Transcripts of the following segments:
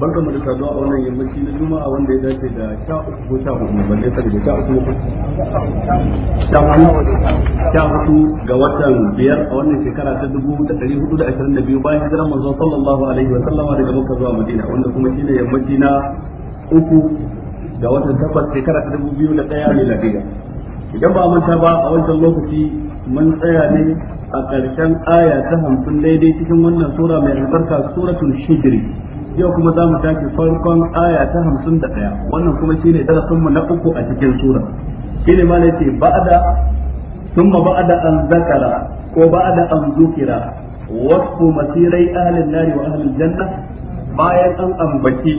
barka mu da saduwa a wannan yammaci na juma'a wanda ya dace da sha uku ko sha hudu ban dai saboda sha uku sha hudu sha hudu ga watan biyar a wannan shekara ta dubu da ɗari hudu da ashirin da biyu bayan hijiran manzon sallallahu alaihi wa sallama daga makka zuwa madina wanda kuma shine yammaci na uku ga watan takwas shekara ta dubu biyu da ɗaya miladiya idan ba manta ba a wancan lokaci mun tsaya ne a ƙarshen aya ta hamsin daidai cikin wannan sura mai albarka suratul shijri yau kuma za mu tashi farkon aya ta hamsin da ɗaya wannan kuma shi ne darasinmu na uku a cikin sura shi ne ma ce ba'ada sun ma ba'ada an zakara ko ba'ada an zukira wasu masirai ahalin nari wa ahalin janna bayan an ambaci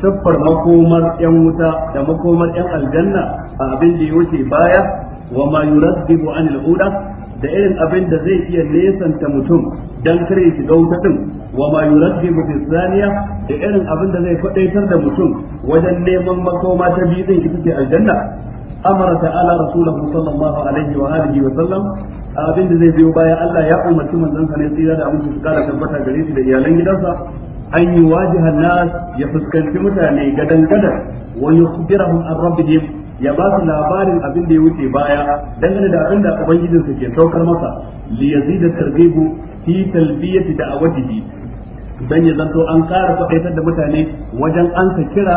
siffar makomar yan wuta da makomar yan aljanna a abin da ya wuce baya wa ma yuraddibu anil uda da irin abin da zai iya nesanta mutum dan kare shi ga wuta din wa ma yuraddibu da irin abin da zai fadaitar da mutum wajen neman makoma ta biyu din ita ce aljanna amara ta'ala rasulullahi sallallahu alaihi wa alihi wa sallam abin da zai biyo baya Allah ya umarci manzon sa ne tsira da abin su kara tabbata gare shi da iyalan gidansa an yi wajihan nas ya fuskanci mutane gadan gadan wa yukhbirahum an rabbihim ya ba su labarin abin da ya wuce baya dangane da abin da ubangijin su ke saukar masa li yazida tarbibu fi talbiyati da'awatihi dan ya zanto an ƙara faɗaitar da mutane wajen an ka kira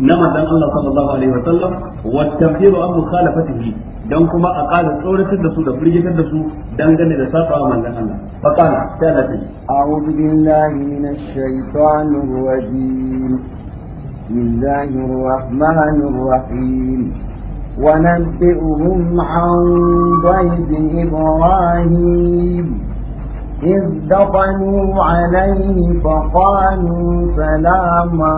na manzon Allah sallallahu alaihi wasallam wa tabdilu an mukhalafatihi dan kuma a ƙara tsoratar da su da firgitar da su dangane da saba manzon Allah fa kana sai Allah a'udhu billahi minash shaitanir rajim بسم الله الرحمن الرحيم ونبئهم عن ضيف إبراهيم إذ دخلوا عليه فقالوا سلاما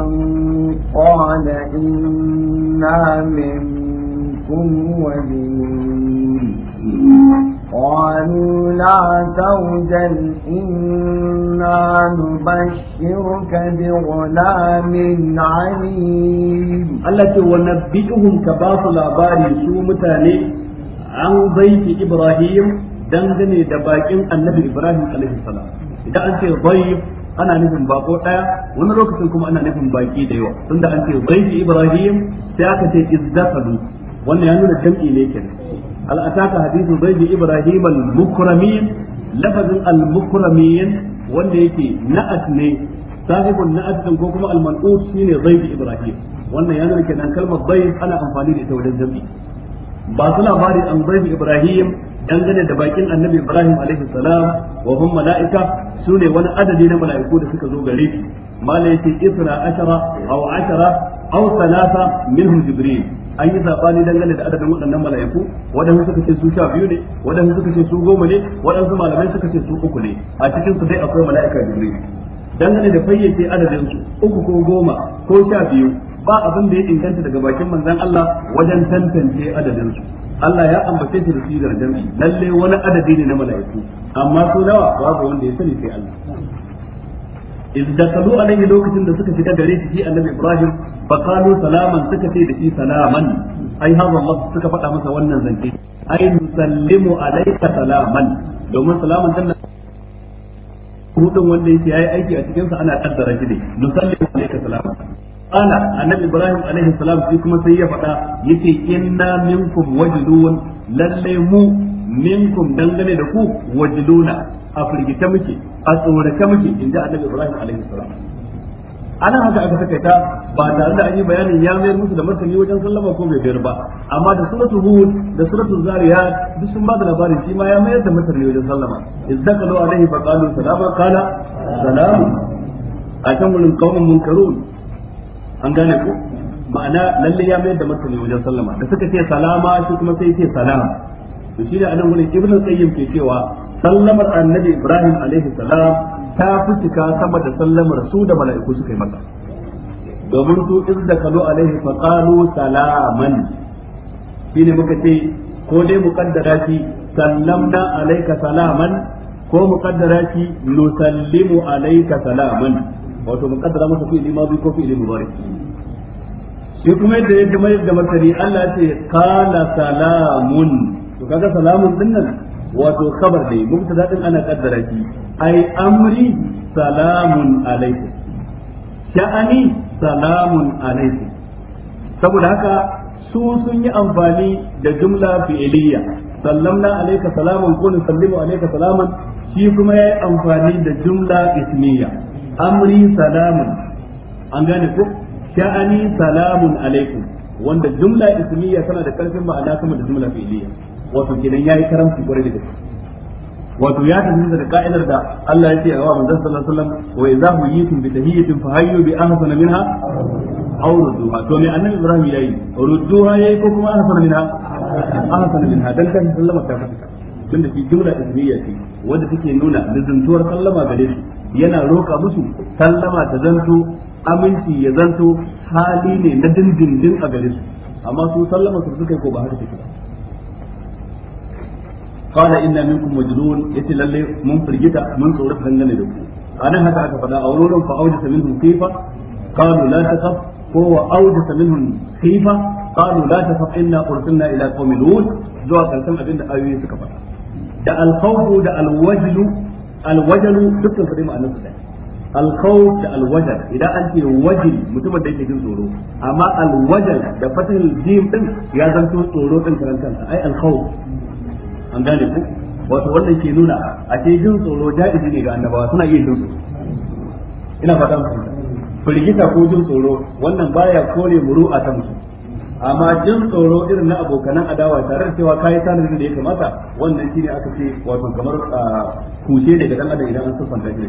قال إنا منكم وجنون قالوا لا توجل إنا نبشرك بغلام عليم التي ونبئهم كباس الأباري سو متاني عن ضيف إبراهيم دنجني دباكين النبي إبراهيم عليه السلام إذا أنت ضيف ana nufin bako daya wani lokacin kuma ana nufin baki da yawa tunda an ce zaifi ibrahim sai aka ce izzafalu wannan ya nuna jam'i ne kenan هل أتاك حديث ضيف إبراهيم المكرمين yake المكرمين والذي نأتني صاحب النأت ko kuma al-man'ut shine zaid ibrahim wannan yana nake dan kalmar bai, ana amfani da ita wajen jami'i ba su labari an zaid ibrahim dangane da bakin annabi ibrahim alaihi salam wa hum malaika sune wani adadi na mala'iku da suka zo gare shi mala yace isra ashara aw ashara aw salasa minhum jibril an yi sabani dangane da adadin waɗannan mala'iku waɗansu suka ce su sha biyu ne waɗansu suka ce su goma ne waɗansu malamai suka ce su uku ne a cikin su dai akwai mala'ika jibril dangane da fayyace adadin su uku ko goma ko sha biyu ba abin da ya inganta daga bakin manzon Allah wajen tantance adadin su Allah ya ambace shi da sigar jami'i lalle wani adadi ne na mala'iku amma su nawa babu wanda ya sani sai Allah iz dakalu alayhi lokacin da suka fita gare shi annabi ibrahim fa qalu salaman suka da shi salaman ai hadha allah suka faɗa masa wannan zance ai nusallimu domin salaman wanda yake yayi aiki a cikin sa ana kaddara shi ne nusallimu alayka salaman ana annabi ibrahim alayhi salam shi kuma sai ya faɗa yace inna minkum wajidun lalle mu minkum dangane da ku wajiduna a firgita muke a tsorata muke ji annabi Ibrahim alaihi salam ana haka aka saka ta ba tare da an yi bayanin ya mayar musu da martani wajen sallama ko bai bayar ba amma da suratul hud da suratul zariyat duk sun ba da labarin shi ma ya mayar da martani wajen sallama izdaqalu alaihi fa qalu salama qala salam a can wurin qaumun munkarun an gane ko ma'ana lalle ya mayar da martani wajen sallama da suka ce salama shi kuma sai ce salam to shi da anan wurin ibnu qayyim ke cewa sallamar annabi ibrahim alaihi salam ta fitika sama da sallamar su da mala'iku suka yi maka domin su izda kalu alaihi fa qalu salaman shine muka ce ko dai muqaddara shi sallamna alayka salaman ko muqaddara shi nusallimu alayka salaman wato muqaddara masa fi'li madi ko fi'li mubarak shi kuma yadda ya da masari Allah ce qala salamun to kaga salamun dinnan wato khabar ne mubtada din ana kaddara shi ai amri salamun alaikum sha'ani salamun alaikum saboda haka su sun yi amfani da jumla fi'iliya sallamna alayka salaman ko nusallimu alayka salaman shi kuma yayi amfani da jumla ismiya amri salamun an gane ko sha'ani salamun alaikum wanda jumla ismiya tana da karfin ma'ana sama da jumla fi'iliya wato kenan yi karamci gore da gaske wato ya tafi daga ka'idar da Allah ya ce a manzon sallallahu alaihi wasallam wa idza huyitum bi tahiyyatin fa hayyu bi ahsana minha aw rudduha to me annabi Ibrahim yayi rudduha yayi ko kuma ahsana minha ahsana minha dan kan sallama ta fita tunda shi jumla ismiya ce wanda take nuna lizuntuwar sallama gare su yana roƙa musu sallama ta zanto aminci ya zanto hali ne na dindindin a gare su amma su sallama su suka yi ko ba haka take ba qala inna minkum majnun yace lalle mun firgita mun tsoro dangane da ku anan haka aka faɗa a wurin fa aujasa minhum khifa qalu la takhaf ko wa aujasa minhum khifa qalu la takhaf inna ursilna ila qaumin lut zuwa karshen abin da ayoyi suka faɗa da al-khawfu da al-wajlu al-wajlu dukkan su dai ma'anar su ɗaya da alwajal idan anke ce wajil mutumin da tsoro amma alwajal da fatihul jim din ya zanto tsoro din an gane ku wato wannan ke nuna a ce jin tsoro jaizi ne ga annabawa suna iya jin tsoro ina fata musu firgita ko jin tsoro wannan baya muru muru'a ta musu amma jin tsoro irin na abokanan adawa tare da cewa kayi tanar da ya kamata wannan shine aka ce wato kamar kuce daga dan adam idan an siffanta shi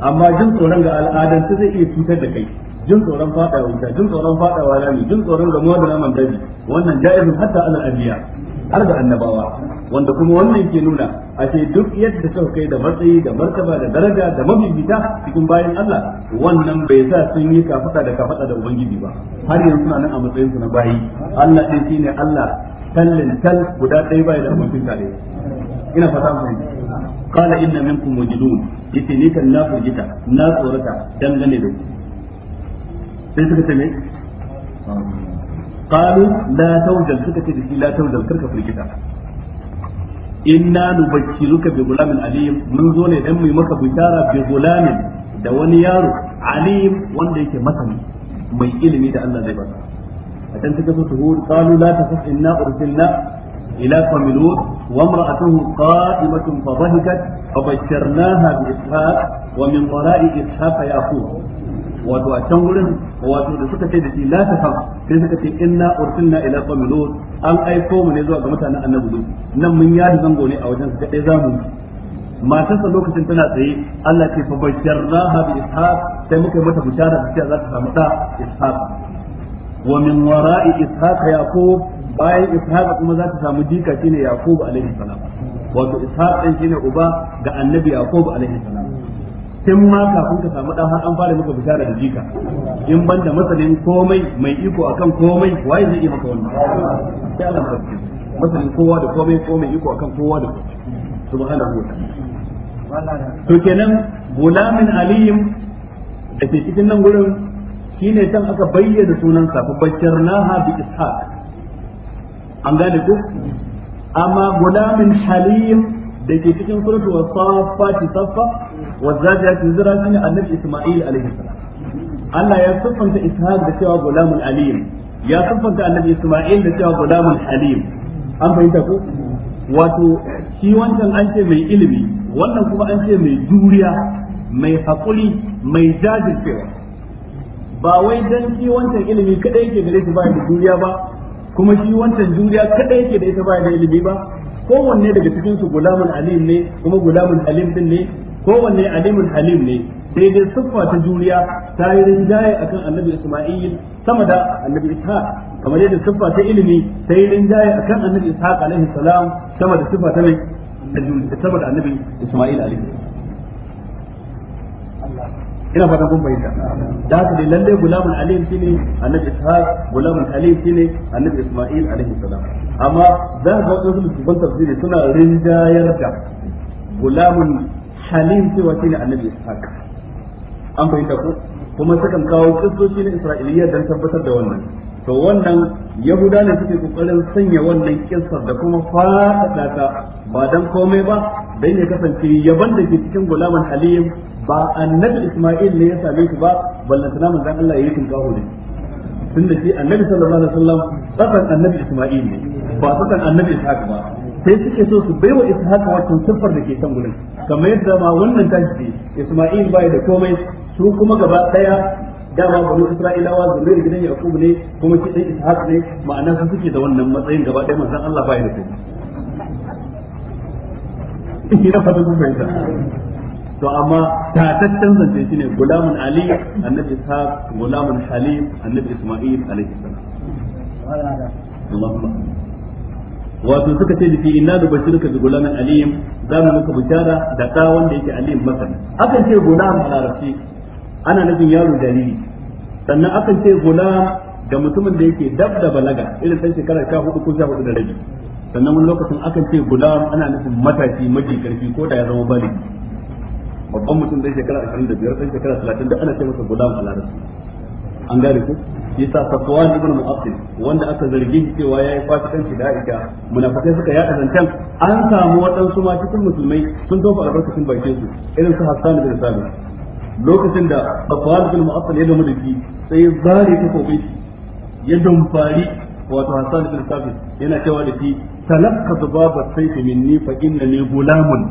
amma jin tsoron ga al'adan zai iya cutar da kai jin tsoron fadawa wuta jin tsoron fadawa rami jin tsoron gamuwa da naman dabi wannan jaizun hatta alal abiya har da annabawa wanda kuma wannan ke nuna a ce duk yadda suka kai da matsayi da martaba da daraja da mabibita cikin bayan Allah wannan bai sa sun yi kafada da kafada da ubangiji ba har yanzu suna nan a matsayin su na bayi Allah din shine Allah tallin tal guda ɗaya bai da mutum tare ina fata mu qala inna minkum mujidun yace ni kan na furgita na tsorata dangane da ku sai suka ce me qalu la tawjal suka ce da shi la tawjal karka firgita inna nubashiruka bi gulamin alim mun zo ne dan mu maka bishara bi gulamin da wani yaro alim wanda yake masani mai ilimi da Allah zai basa a can cikin su tuhur qalu la tafas inna ursilna ila wa min wato a can wurin wato da suka ce da shi la tafam sai suka ce inna ursilna ila qaumin lut an aiko mu ne zuwa ga mutanen annabi lut nan mun yadi zango ne a wajen su kadai zamu matarsa lokacin tana tsaye Allah ke fa basharraha bi ishaq sai muka mata bishara da cewa za ta samu da ishaq wa min wara'i ishaq yaqub bayan ishaq kuma za ta samu jika shine yaqub alaihi salam wato ishaq din shine uba ga annabi yaqub alaihi salam tun ma kafin ka samu dan har an fara maka bishara da jika in ban da masalin komai mai iko akan komai waye zai yi maka wannan sai Allah ya tsare masalin kowa da komai komai iko akan kowa da subhanahu wa ta'ala to kenan gulamin aliyim da ke cikin nan gurin shine san aka bayyana sunan sa fa bashirnaha bi ishaq an gane ku amma gulamin halim da ke cikin suratu wasafati safa والزاجيات وزرا شنو النبي اسماعيل عليه السلام Allah ya siffanta Ishaq da cewa gulamul alim ya siffanta annabi Isma'il da cewa gulamul halim an fahimta ko wato shi wancan an ce mai ilimi wannan kuma an ce mai juriya mai hakuri mai jajircewa ba wai dan shi wancan ilimi kadai yake gare shi ba da juriya ba kuma shi wancan juriya kadai yake da ita ba da ilimi ba kowanne daga cikin su gulamul alim ne kuma gulamul alim din ne kowanne alimun halim ne sai dai siffa ta juriya ta yi rinjaye akan annabi isma'il sama da annabi ishaq kamar yadda siffa ta ilimi ta yi rinjaye akan annabi ishaq alaihi salam sama da siffa ta mai sama da annabi isma'il alaihi ina fata kun fahimta da haka dai lalle gulamul alim shine annabi ishaq gulamul alim shine annabi isma'il alaihi salam amma za ga wasu ban tafsiri suna rinjayar da gulamun halim cewa shine annabi ishaq an fahimta ku kuma sukan kawo kristoci na isra'iliyya don tabbatar da wannan to wannan yahuda ne suke kokarin sanya wannan kissar da kuma fada ta ba dan komai ba dan ya kasance yaban da ke cikin gulaman halim ba annabi isma'il ne ya same shi ba ballantana manzon Allah ya yi tunkaho ne tunda shi annabi sallallahu alaihi wasallam tsakan annabi isma'il ne ba kan annabi ishaq ba sai suke so su baiwa ishaqa wato siffar da ke kan gurin kamar yadda ma wannan tashi isma'il bai da komai su kuma gaba daya dama bani isra'ilawa zuriyar gidan yaqub ne kuma shi dan ishaq ne ma'ana su suke da wannan matsayin gaba daya manzon Allah bai da komai ina fata kun fahimta to amma tataccen zance shine gulamun ali annabi ishaq gulamun halim annabi isma'il alaihi salam Allahumma wato suka ce biki inna da bashiruka bi gulamin alim za mu maka bishara da ɗa wanda yake alim masa akan ce gulam a larabci ana nufin yaro jariri sannan akan ce gulam da mutumin da yake dab da balaga irin ɗan shekara ka hudu ko sha hudu da rabi sannan wani lokacin akan ce gulam ana nufin matashi maji karfi ko da ya zama baligi babban mutum dai shekara ashirin da biyar shekara talatin da ana ce masa gulam a larabci an gane ku yasa Safwan ibn Mu'attil wanda aka zargi shi cewa yayi fasikanci da Aisha munafikai suka yaɗa zantan an samu waɗansu ma cikin musulmai sun tofa albarkacin bakin su irin su Hassan bin Sabit lokacin da Safwan ibn Mu'attil ya gamu da shi sai ya zare ta kofi shi ya dumfari wato Hassan bin Sabit yana cewa da shi talaqqa babat sayfi minni fa innani gulamun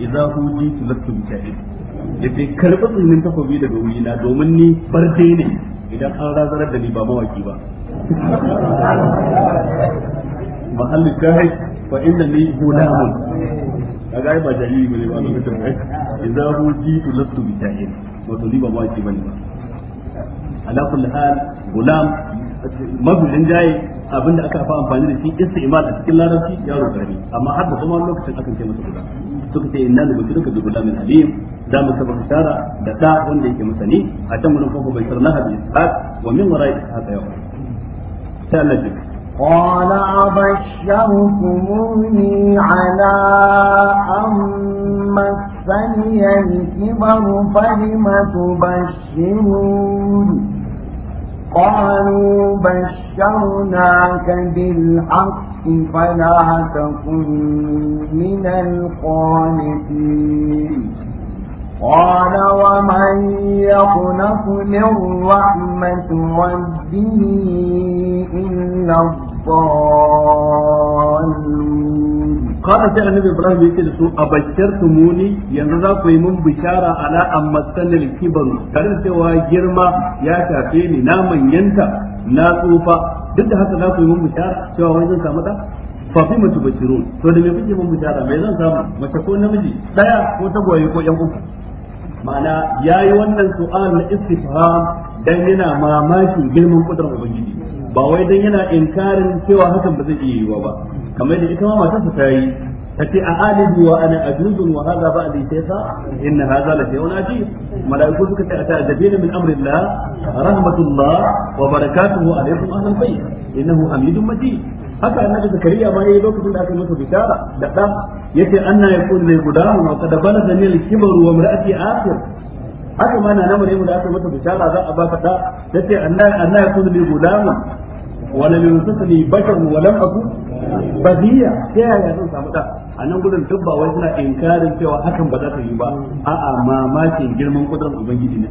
idza hujitu lakum shahid yace karɓi tsinin takobi daga wuri na domin ni barde ne idan an razarar da ni ba mawaki ba mahallin shahid fa inna ni gulamun A gaya ba jariri bane ba lokacin kai mu ji tu lastu bi jahil wato ni ba mawaki ne ba ala kulli hal gulam mabudin jaye abinda aka fa amfani da shi istimal a cikin larabci yaro gari amma har da kuma lokacin akan ce masa gulam suka ce inna nubshiruka bi ghulamin alim da mu saba shara da da wanda yake masani a can gurin kofa bai sarna hadi ishaq wa min wara'i ishaq yau sai Allah ya قال أبشرتموني على أن مسني الكبر فلم تبشرون قالوا بشرناك بالحق فلا تكن من القانتين قال ومن يقنط من رحمة ربه إلا الضالين قال sai annabi ibrahim yake da su abashirtumuni yanzu za ku yi mun bishara ala amma al kibaru tare cewa girma ya tafe ni na manyanta na tsufa duk da haka za ku yi mun bishara cewa wai zan samu da fa fi mutu bashirun to da me kuke mun bishara me zan samu mace ko namiji daya ko tagwaye ko yan uku ma'ana yayi wannan su'al na istifham dan yana mamakin girman kudurar ubangiji ba wai dan yana inkarin cewa hakan ba zai iya yiwa ba kamar yadda ita ma matarsa ta yi ta ce a alidu wa ana ajuzun wa hadha ba'di sayfa inna hadha la shay'un ajib malaiku suka ce a ata ajabina min amrillah rahmatullah wa barakatuhu alaykum ahlal bayt innahu hamidun majid haka annabi zakariya ma yayi lokacin da aka masa bishara da dan yace anna yakun li gudamu wa qad balagha min al-kibr wa imra'ati akhir haka ma na namare mu da aka masa bishara za a baka da yace anna anna yakun li gudamu ولم يمسسني بشر ولم أكن بغيا يا يا zan samu da a nan gudun duk ba wai suna inkarin cewa hakan ba za ta yi ba a'a mamakin girman kudurin ubangiji ne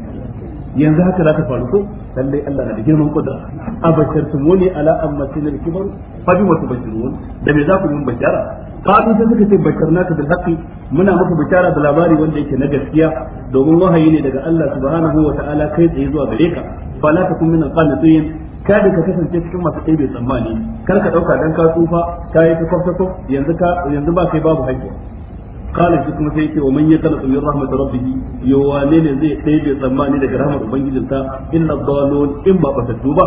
yanzu haka za ta faru ko lallai Allah na da girman kudura abashartumuni ala amma na kibar fa bi wasu bashirun da me za ku yi bashara qalu sai suka ce basharnaka bil haqqi muna maka bashara da labari wanda yake na gaskiya domin wahayi ne daga Allah subhanahu wa ta'ala kai tsaye zuwa gare ka fala kun min al-qanitin kada ka kasance cikin masu bai tsammani kar ka ɗauka dan ka tsufa ka yi ta kwafta yanzu ka yanzu ba kai babu hakki kala shi kuma sai yake wa man yakala min rahmat rabbih yo wane ne zai bai tsammani daga rahmar ubangijinsa illa dhalun in ba ba ba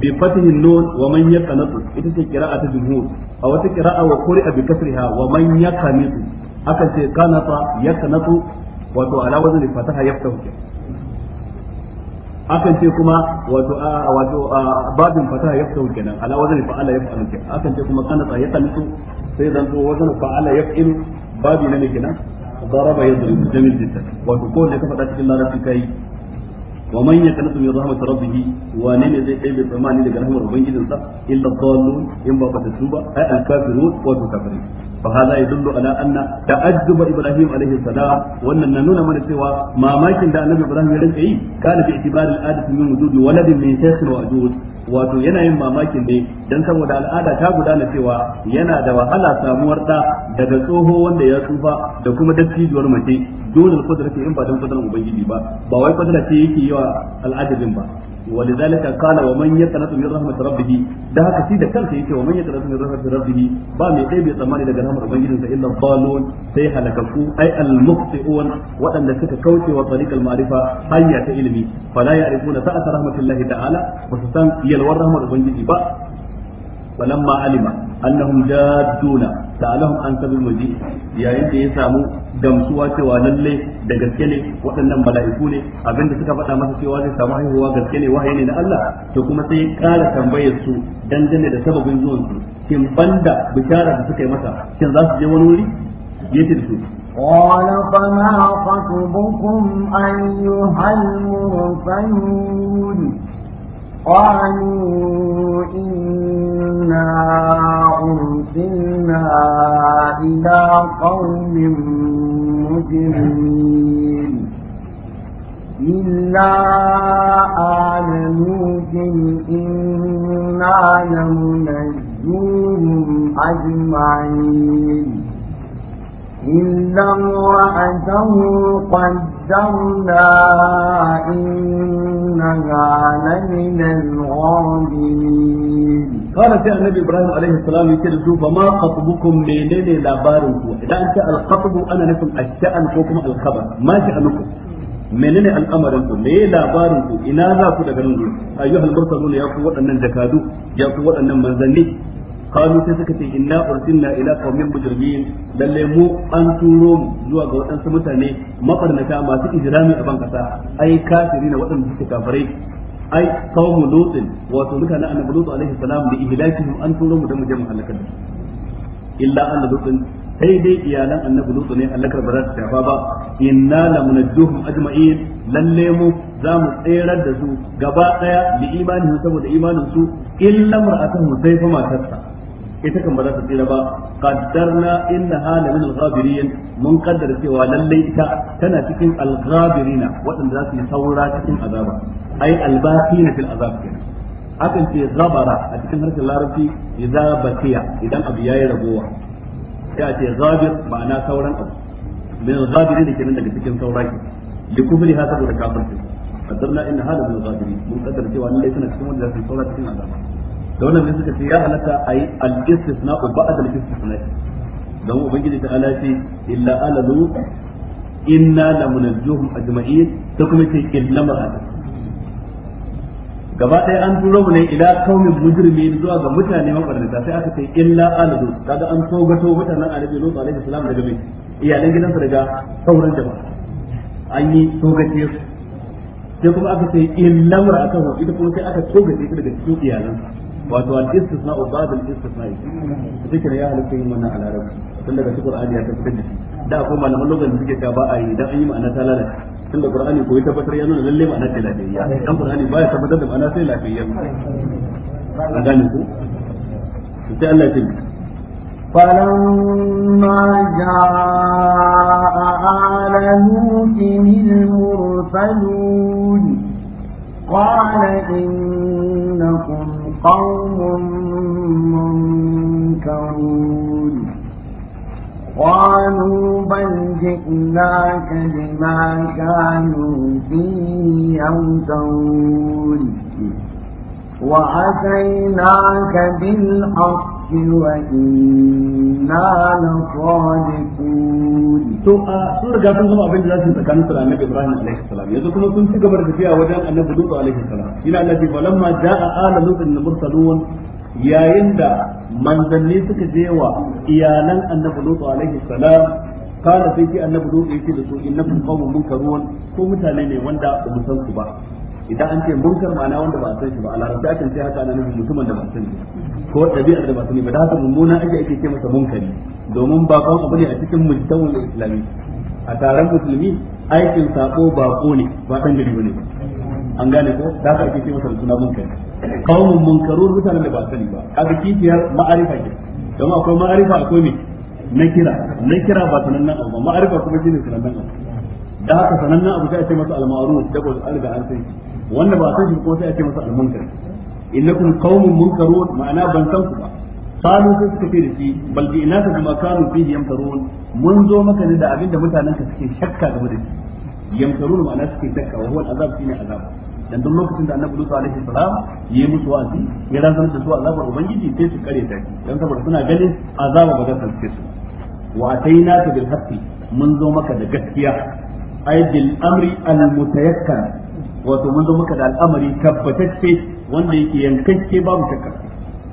bi fatihi nun wa man yaqanatu ita ce qira'a ta jumhur a wata qira'a wa qira'a bi kasriha wa man yaqanatu akan ce kanata yaqanatu wato ala wazni fataha yaftahu akan ce kuma wato wato babin fata ya fito kenan ala wazan fa'ala ya fa'alu kenan akan ce kuma kana tsaye kan su sai zan to wazan fa'ala ya fa'il babi ne kenan daraba yadrib jamil jiddan wato ko da ka fada cikin larabci kai wa man yaqnatu min rahmat rabbih wa ne ne zai kai tsammani daga rahmar ubangijinsa illa dallun in ba ba tuba ai al kafirun wato kafirin fa hadha yadullu ala anna ta'addub ibrahim alaihi salam wannan na nuna mana cewa mamakin da annabi ibrahim ya rinka yi kana bi itibar al'adati min wujudi waladin min shaykhin wa ajuz wato yana yin mamakin ne dan saboda al'ada ta gudana cewa yana da wahala samuwar da daga tsoho wanda ya tsufa da kuma dattijuwar mace dole kudura in ba dan kudurar ubangiji ba ba wai kudura ce yake yi wa al'adabin ba ولذلك قال ومن يقنط من رحمة ربه ده haka shi da kansa yake ومن يقنط من رحمة ربه ba mai dai bai tsammani daga rahmar ubangijin sa illa dalun sai halakaku ai al waɗanda wadanda suka kauce wa tariqal ma'rifa hayya ta ilimi fala ya'rifuna ta'at rahmatillahi ta'ala wa san yalwar rahmar ubangiji ba falamma alima annahum jadduna sa'alahum an sabil muji yayin da ya samu gamsuwa cewa lallai da gaske ne waɗannan mala'iku ne abinda suka faɗa masa cewa zai samu haihuwa gaske ne wahayi ne na Allah to kuma sai ya ƙara tambayar su dangane da sababin zuwan su shin banda bishara da suka yi masa shin za su je wani wuri yace da su قال فما خطبكم أيها المرسلون قالوا إنا أرسلنا إلى قوم مجرمين إلا آل نوح إنا لمنجوهم أجمعين إلا امرأته قد قدرنا إنها لمن الغابرين قال سيدنا النبي إبراهيم عليه السلام يكيد شوف ما خطبكم منين لا بارنكم إذا أنت الخطب أنا لكم الشأن حكم الخبر ما شأنكم menene al'amarinku me labarinku ina za ku daga nan gudu ayyuhal mursalun ya ku waɗannan jakadu ya ku waɗannan manzanni qalu sai suka ce inna ursilna ila qaumin mujrimin lalle mu an turo mu zuwa ga waɗansu mutane mabarnata masu ijrami a ban kasa ai kafirina waɗanda suke kafirai ai qaumu lutin wato mutanen annabi lutu alaihi salam da mu an turo mu da mu je mu halaka illa annabi lutin sai dai iyalan annabi lutsu ne halakar ba za ta shafa ba inna lamunajjuhum ajma'in lalle mu za mu tsayar da su gaba daya bi imanihim saboda imanin su illa mar'atuhum sai fa matarsa ita kan ba za ta tsira ba qaddarna innaha la min mun kaddara cewa lalle ita tana cikin za su yi saura cikin azaba ai fil azab kenan akan ce a cikin harshen larabci idan abu yayi a ce ma'ana sauran abu min kenan daga cikin qaddarna min mun kaddara cewa lalle tana cikin wanda za su yi saura cikin azaba da wannan ne suka ce ya halatta a yi al-istisna ba'da al-istisna don ubangiji ta ala ce illa ala lut inna lamunajjuhum ajma'in ta kuma ce illa mar'ata gaba ɗaya an turo mu ne ila kaumin mujrimin zuwa ga mutane mabarnata sai aka ce illa ala lut kaga an togato mutanen annabi lut alaihi salam daga mai iyalan gidansa daga sauran jama'a an yi togace su sai kuma aka ce illa mar'ata ita kuma sai aka togace ta daga cikin iyalansa wato al istisna u ba'd al istisna zikir ya halatta yin wannan a larabci tun daga cikin qur'ani ya tabbatar da shi da akwai malaman lokacin da suke ta ba a yi dan an yi ma'ana ta lalace tun da qur'ani tabbatar ya nuna lalle ma'ana ta lafiyayya dan qur'ani baya tabbatar da ma'ana sai lafiyayya a gane ku sai Allah ya tabbata فلما جاء آل المرسلون قال إنكم قوم منكرون قالوا بل جئناك بما كانوا فيه يمترون وأتيناك بالحق وإنا لصادقون to a sun riga sun abin da za su yi tsakanin annabi Ibrahim alaihi salam yanzu kuma sun ci gaba da tafiya wajen annabi Lut alaihi salam ila Allah ja'a ala lut al-mursalun yayin da manzanni suka je wa iyalan annabi Lut alaihi salam kana sai ki annabi Lut yake da su innakum qawmun munkarun ko mutane ne wanda ba mu san su ba idan an ce munkar ma'ana wanda ba a san shi ba a larabci akan ce haka nan mutumin da ba san shi ko ɗabi'ar da ba sani ba da haka mummuna ake ake ce masa munkari domin ba kawo abu ne a cikin mujtawul islami a taron musulmi aikin sako bako ne ba san gari bane an gane ko da haka ake ce masa suna munkari qaumun munkarun mutanen da ba sani ba ga kifiyar ma'arifa ke don akwai ma'arifa akwai ne na kira na kira ba sanannen abu ba ma'arifa kuma shine sanannen abu da haka sanannen abu sai a ce masa al-ma'ruf da ko an riga an wanda ba san shi ko sai a ce masa al-munkar innakum qaumun munkarun ma'ana ban san ku ba qalu sai suka ce da shi bal bi inaka bima kanu fihi yamtarun mun zo maka ne da abinda mutanen ka suke shakka game da shi yamtarun ma'ana suke shakka wa huwa al-azab shine azab dan duk lokacin da annabi Musa alaihi salam yayi musu wa'azi ya razana da su azabar ubangiji sai su kare ta dan saboda suna ganin azaba ba za ta fice su wa atainaka bil haqqi mun zo maka da gaskiya ay bil amri al mutayakkan wato mun zo muka da al'amari tabbatacce wanda yake yankacce babu shakka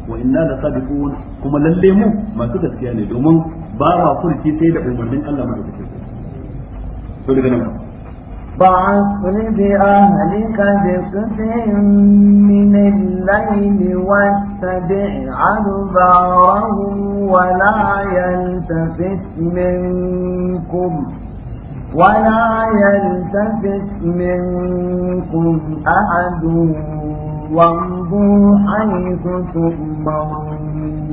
wa inna la sadiqun kuma lalle mu masu gaskiya ne domin ba ma furci sai da umarnin Allah mu da kake to daga nan فعصر بأهلك بقطع من الليل واتبع أدبارهم ولا يلتفت منكم ولا يلتفت منكم أحد وامضوا حيث تؤمرون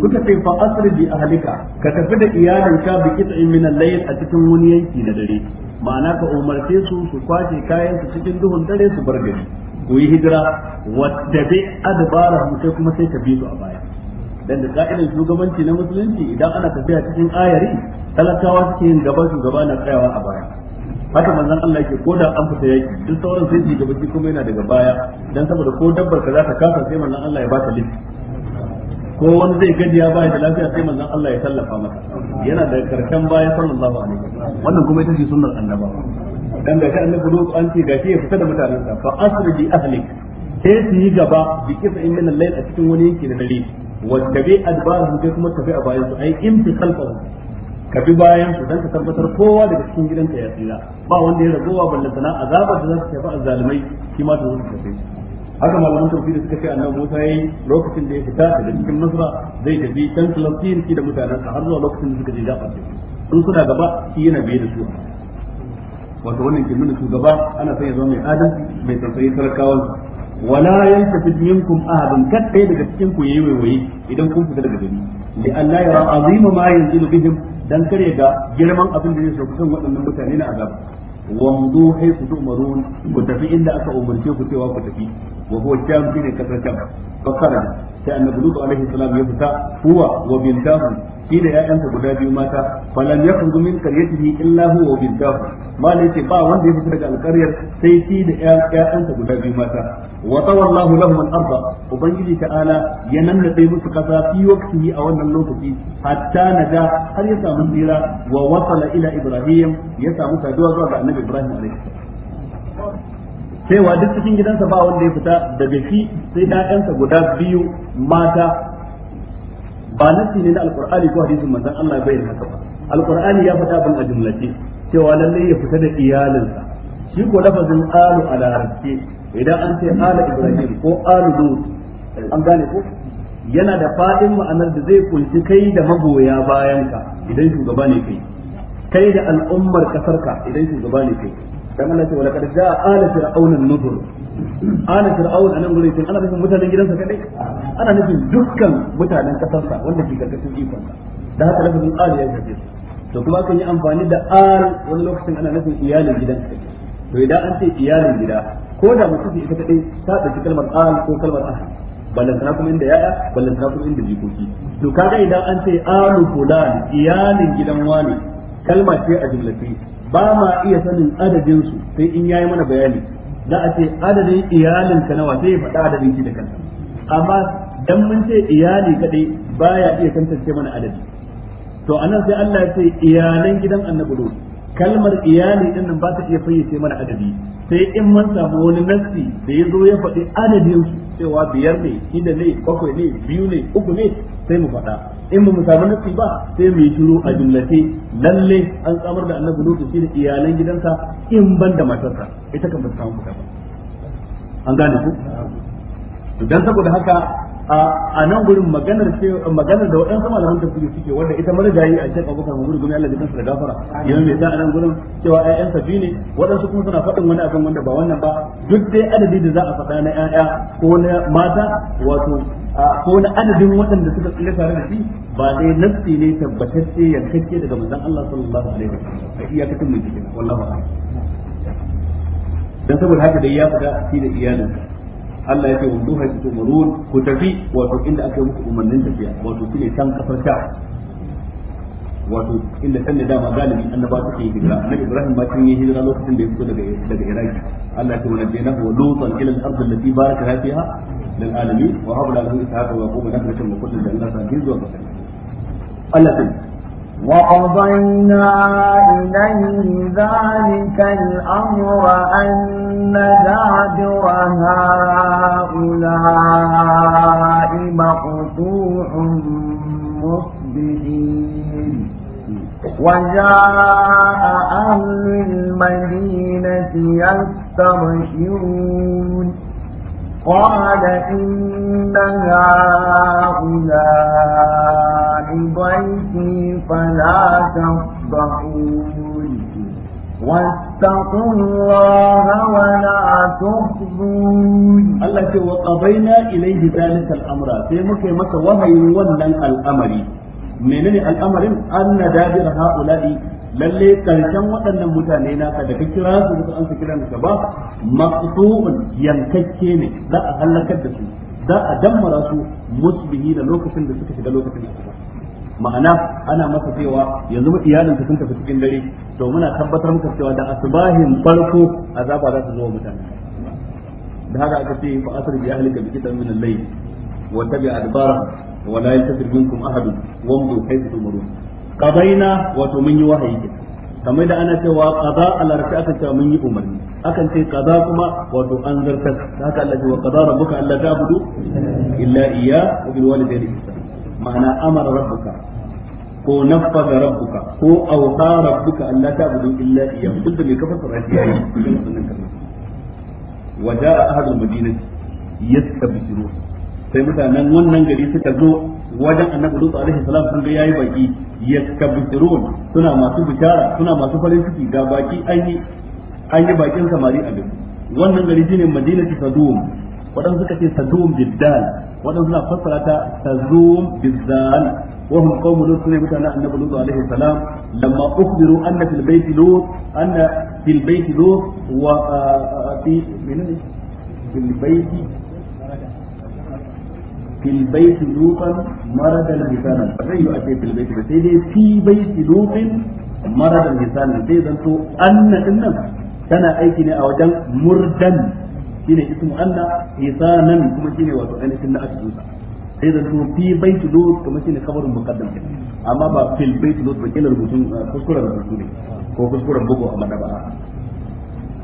كنت في فقصر بأهلك كتفد إيالك a cikin wani yanki na dare, ma'ana ka umarce su su kwace kayan su cikin duhun dare su bar gari ku yi hijira wadda bi adbara sai kuma sai ka bi su a baya dan da ka'idar shugabanci na musulunci idan ana tafiya cikin ayari talakawa suke yin gaba shugaba na tsayawa a baya haka manzon Allah yake ko da an fita yaki duk sauran sai su gaba kuma yana daga baya dan saboda ko dabbar ka za ta kasa sai manzon Allah ya ba ta lifi ko wani zai ya baya da lafiya sai manzon Allah ya tallafa masa yana da karshen baya sallallahu alaihi wasallam wannan kuma ita ce sunnar annaba dan da ka annabi Lut an ce gashi ya fita da sa fa asri bi ahlik sai su yi gaba bi kisa in min al-layl a cikin wani yanki na dare wa tabi adbarahum kuma tafi a bayan su ai imti khalfahum ka bi bayan su dan ka tabbatar kowa daga cikin gidanka ya tsira ba wanda ya ragowa ballan sana azabar da za ta tafi azzalimai shi ma ta zo ta tafi haka malaman tafsiri suka ce annabi Musa yayi lokacin da ya fita daga cikin Misra zai tafi can Filistin ki da mutanen sa har zuwa lokacin da suka je Jafar sun suna gaba shi yana biye da su wato wannan ke nuna shugaba ana son ya zama mai adalci mai tausayin talakawan wala yantafid minkum ahadun kadai daga cikin ku yayi waiwaye idan kun fita daga gari li Allah ya azima ma yanzilu bihim dan kare ga girman abin da zai sauka kan waɗannan mutane na azab wamdu haythu tu'marun ku tafi inda aka umarce ku cewa ku tafi wa huwa sham ne kasar sham fakara sai annabi lutu alaihi salam ya fita huwa wa bintahu shi da ƴaƴansa guda biyu mata falam yakhruju min qaryatihi illa huwa bidahu mala yace ba wanda ya fita daga alƙaryar sai shi da ƴaƴansa guda biyu mata wa tawallahu lahum al-ardh ubangiji ta'ala ya nannaɗe musu kasa fi waqtihi a wannan lokaci hatta naga har ya samu tsira wa wasala ila ibrahim ya samu saduwa zuwa ga annabi ibrahim alaihi wa duk cikin gidansa ba wanda ya fita daga shi sai ɗayansa guda biyu mata ba nasi ne na alqur'ani ko hadisin manzon Allah bai haka ba alqur'ani ya fita ban a cewa lalle ya fita da iyalinsa shi ko lafazin alu a larabce idan an ce ala ibrahim ko alu lut an gane ko yana da fadin ma'anar da zai kunshi kai da magoya bayanka idan shugaba ne kai kai da al'ummar kasarka idan shugaba ne kai dan Allah ce wala kad jaa ala fir'auna nuzur ala fir'aun anan gurin sai ana nufin mutanen gidansa kadai ana nufin dukkan mutanen kasarsa wanda ke karkashin ikon da haka lafazin ala ya shafe su to kuma kan yi amfani da al wani lokacin ana nufin iyalin gidan to idan an ce iyalin gida ko da mutum ita kadai ta dauki kalmar al ko kalmar ah ballantana kuma inda yaya ballantana kuma inda jikoki to kaga idan an ce alu fulan iyalin gidan wani kalma ce a jumlace ba ma iya sanin adadin su sai in yayi mana bayani da a ce adadin iyalin ka nawa sai ya faɗa adadin ki da kanka amma dan mun ce iyali kadai baya iya tantance mana adadi to anan sai Allah ya ce iyalan gidan annabi Lut kalmar iyali din nan ba ta iya fayyace mana adadi sai in mun samu wani nassi da ya zo ya faɗi adadin su cewa biyar ne shida ne bakwai ne biyu ne uku ne sai mu faɗa in ba mu samu nasi ba sai mu yi shiru a jumlace lalle an samar da annabi lutu shi da iyalan gidansa in ban da matarsa ita kan ba samu ba an gane ku dan saboda haka a nan gurin maganar maganar da waɗansu malaman tafsiri suke wanda ita jayi a shek abubakar mahmud gumi Allah jikansa da gafara yau mai sa a nan gurin cewa ƴaƴan sabi ne waɗansu kuma suna faɗin wani akan wanda ba wannan ba duk dai adadi da za a faɗa na ƴaƴa ko na mata wato ko na adadin waɗanda suka tsira tare da shi ba dai nafsi ne tabbatacce yankakke daga manzon Allah sallallahu alaihi wasallam a iyakacin mai cikin wallahu a'lam dan saboda haka dai ya fada shi da iyalinsa Allah ya ce wudu haitu tumurun ku tafi wato inda aka yi muku umarnin tafiya wato shine can sha wato inda da dama galibi annaba suke yi hijira annabi Ibrahim ba kin yi hijira lokacin da ya fito daga daga Iraki Allah ya ce wannan dai nahu lutan ila al-ardh allati baraka fiha lil alamin wa habla lahu ishaqa wa nakratan wa lil zuwa Allah وقضينا إليه ذلك الأمر أن دابر هؤلاء مقطوع مصبحين وجاء أهل المدينة يستبشرون قال إن هؤلاء بضيفي فلا تفضحون واتقوا الله ولا تخزون الله يقول وقضينا إليه ذلك الأمر في مكي وهي ولن الأمر menene al'amarin na dabir haula'i lalle karshen waɗannan mutane na ka da ka kira su da an kira ka ba maqtu'un yankakke ne za a halakar da su za a dammara su musbihi da lokacin da suka shiga lokacin asuba ma'ana ana masa cewa yanzu mu iyalin ka sun tafi cikin dare to muna tabbatar muka cewa da asbahin farko azaba za su zo mutane da haka aka ce fa asr bi ahlika bi kitabin min al-layl wa tabi adbara wa la yastir minkum ahad wa mdu haythu tumurun qadaina wato mun yi wahayi kamar da ana cewa qada al-arfi aka cewa mun yi umarni akan ce kaza kuma wato an zartar haka Allah ce wa qada rabbuka alla ta'budu illa iyyah wa bil walidayni ihsana ma'ana amara rabbuka ko naffaza rabbuka ko auka rabbuka alla ta'budu illa iyyahu duk da mai kafa sarati yayi cikin sunan kan wa ja'a ahadul madinati yastabshiru sai mutanen wannan gari suka zo wajen annabi Lutu alaihi salam sun ga yayi baki yastabshirun suna masu bishara suna masu farin ciki ga baki an yi an yi bakin samari a gari wannan gari shine madinatu sadum wadan suka ce tazum biddal wadan suna fassara ta tazum bizzal wa hum qawmun lut ne mutanen annabi lut alaihi salam lamma ukhbiru anna fil bayti lut anna fil bayti lut wa uh, uh, fi menene fil bayti في البيت لوطا مرض اللسان فزي يؤتي في البيت بس في بيت لوط مرض اللسان زي زنتو ان ان tana aiki ne a wajen murdan shine ismu anna hisanan kuma wato ainihin na sa sai da fi lut kuma kabarin amma ba fil lut ba kila rubutun ah, kuskuren rubutu ne ko kuskuren bugu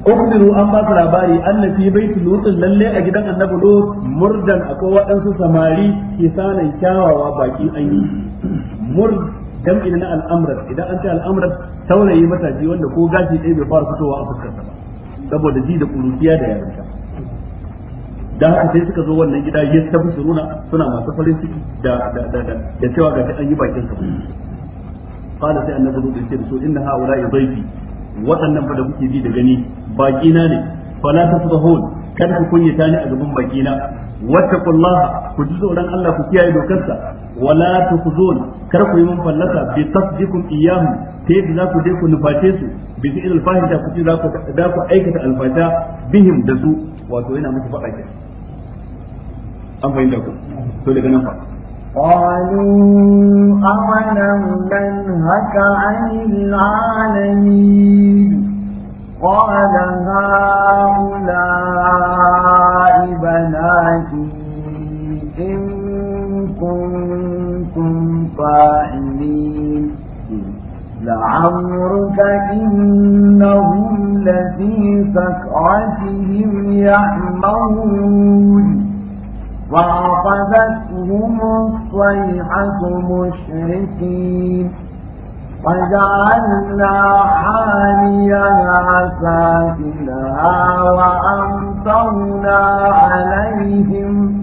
ukhbiru an ba labari anna fi baiti lut lalle a gidan annabi lut murdan akwai waɗansu samari kisanan kyawawa baki an yi murd dan ina na al'amrat idan an ce al'amrat saurayi mataji wanda ko gashi ɗaya bai fara fitowa a fuskarsa ba saboda ji da kuruciya da yarinta Da haka sai suka zo wannan gida ya tabsuruna suna masu farin ciki da da da da cewa ga an yi bakin sa qala sai annabi zo ce da su inna haula ya dhaifi waɗannan fa da kuke ji da gani bakina ne fala tasbahun kada ku kunyata ni a gaban bakina wattaqullaha ku ji tsoron Allah ku kiyaye dokarsa wala tukhzun kar ku yi mun fallasa bi tasdikum iyyahu ta yadda za ku je ku nuface su bi fi'il al ku za ku aikata alfata bihim da su wato yana muku faɗa kenan an fahimta ku to daga nan fa قالوا أولم ننهك عن العالمين قال هؤلاء بناتي إن كنتم فاعلين لعمرك إنهم لفي سكرتهم يحمرون فأخذتهم الصيحة مشركين وجعلنا حاليا سافلها وأمطرنا عليهم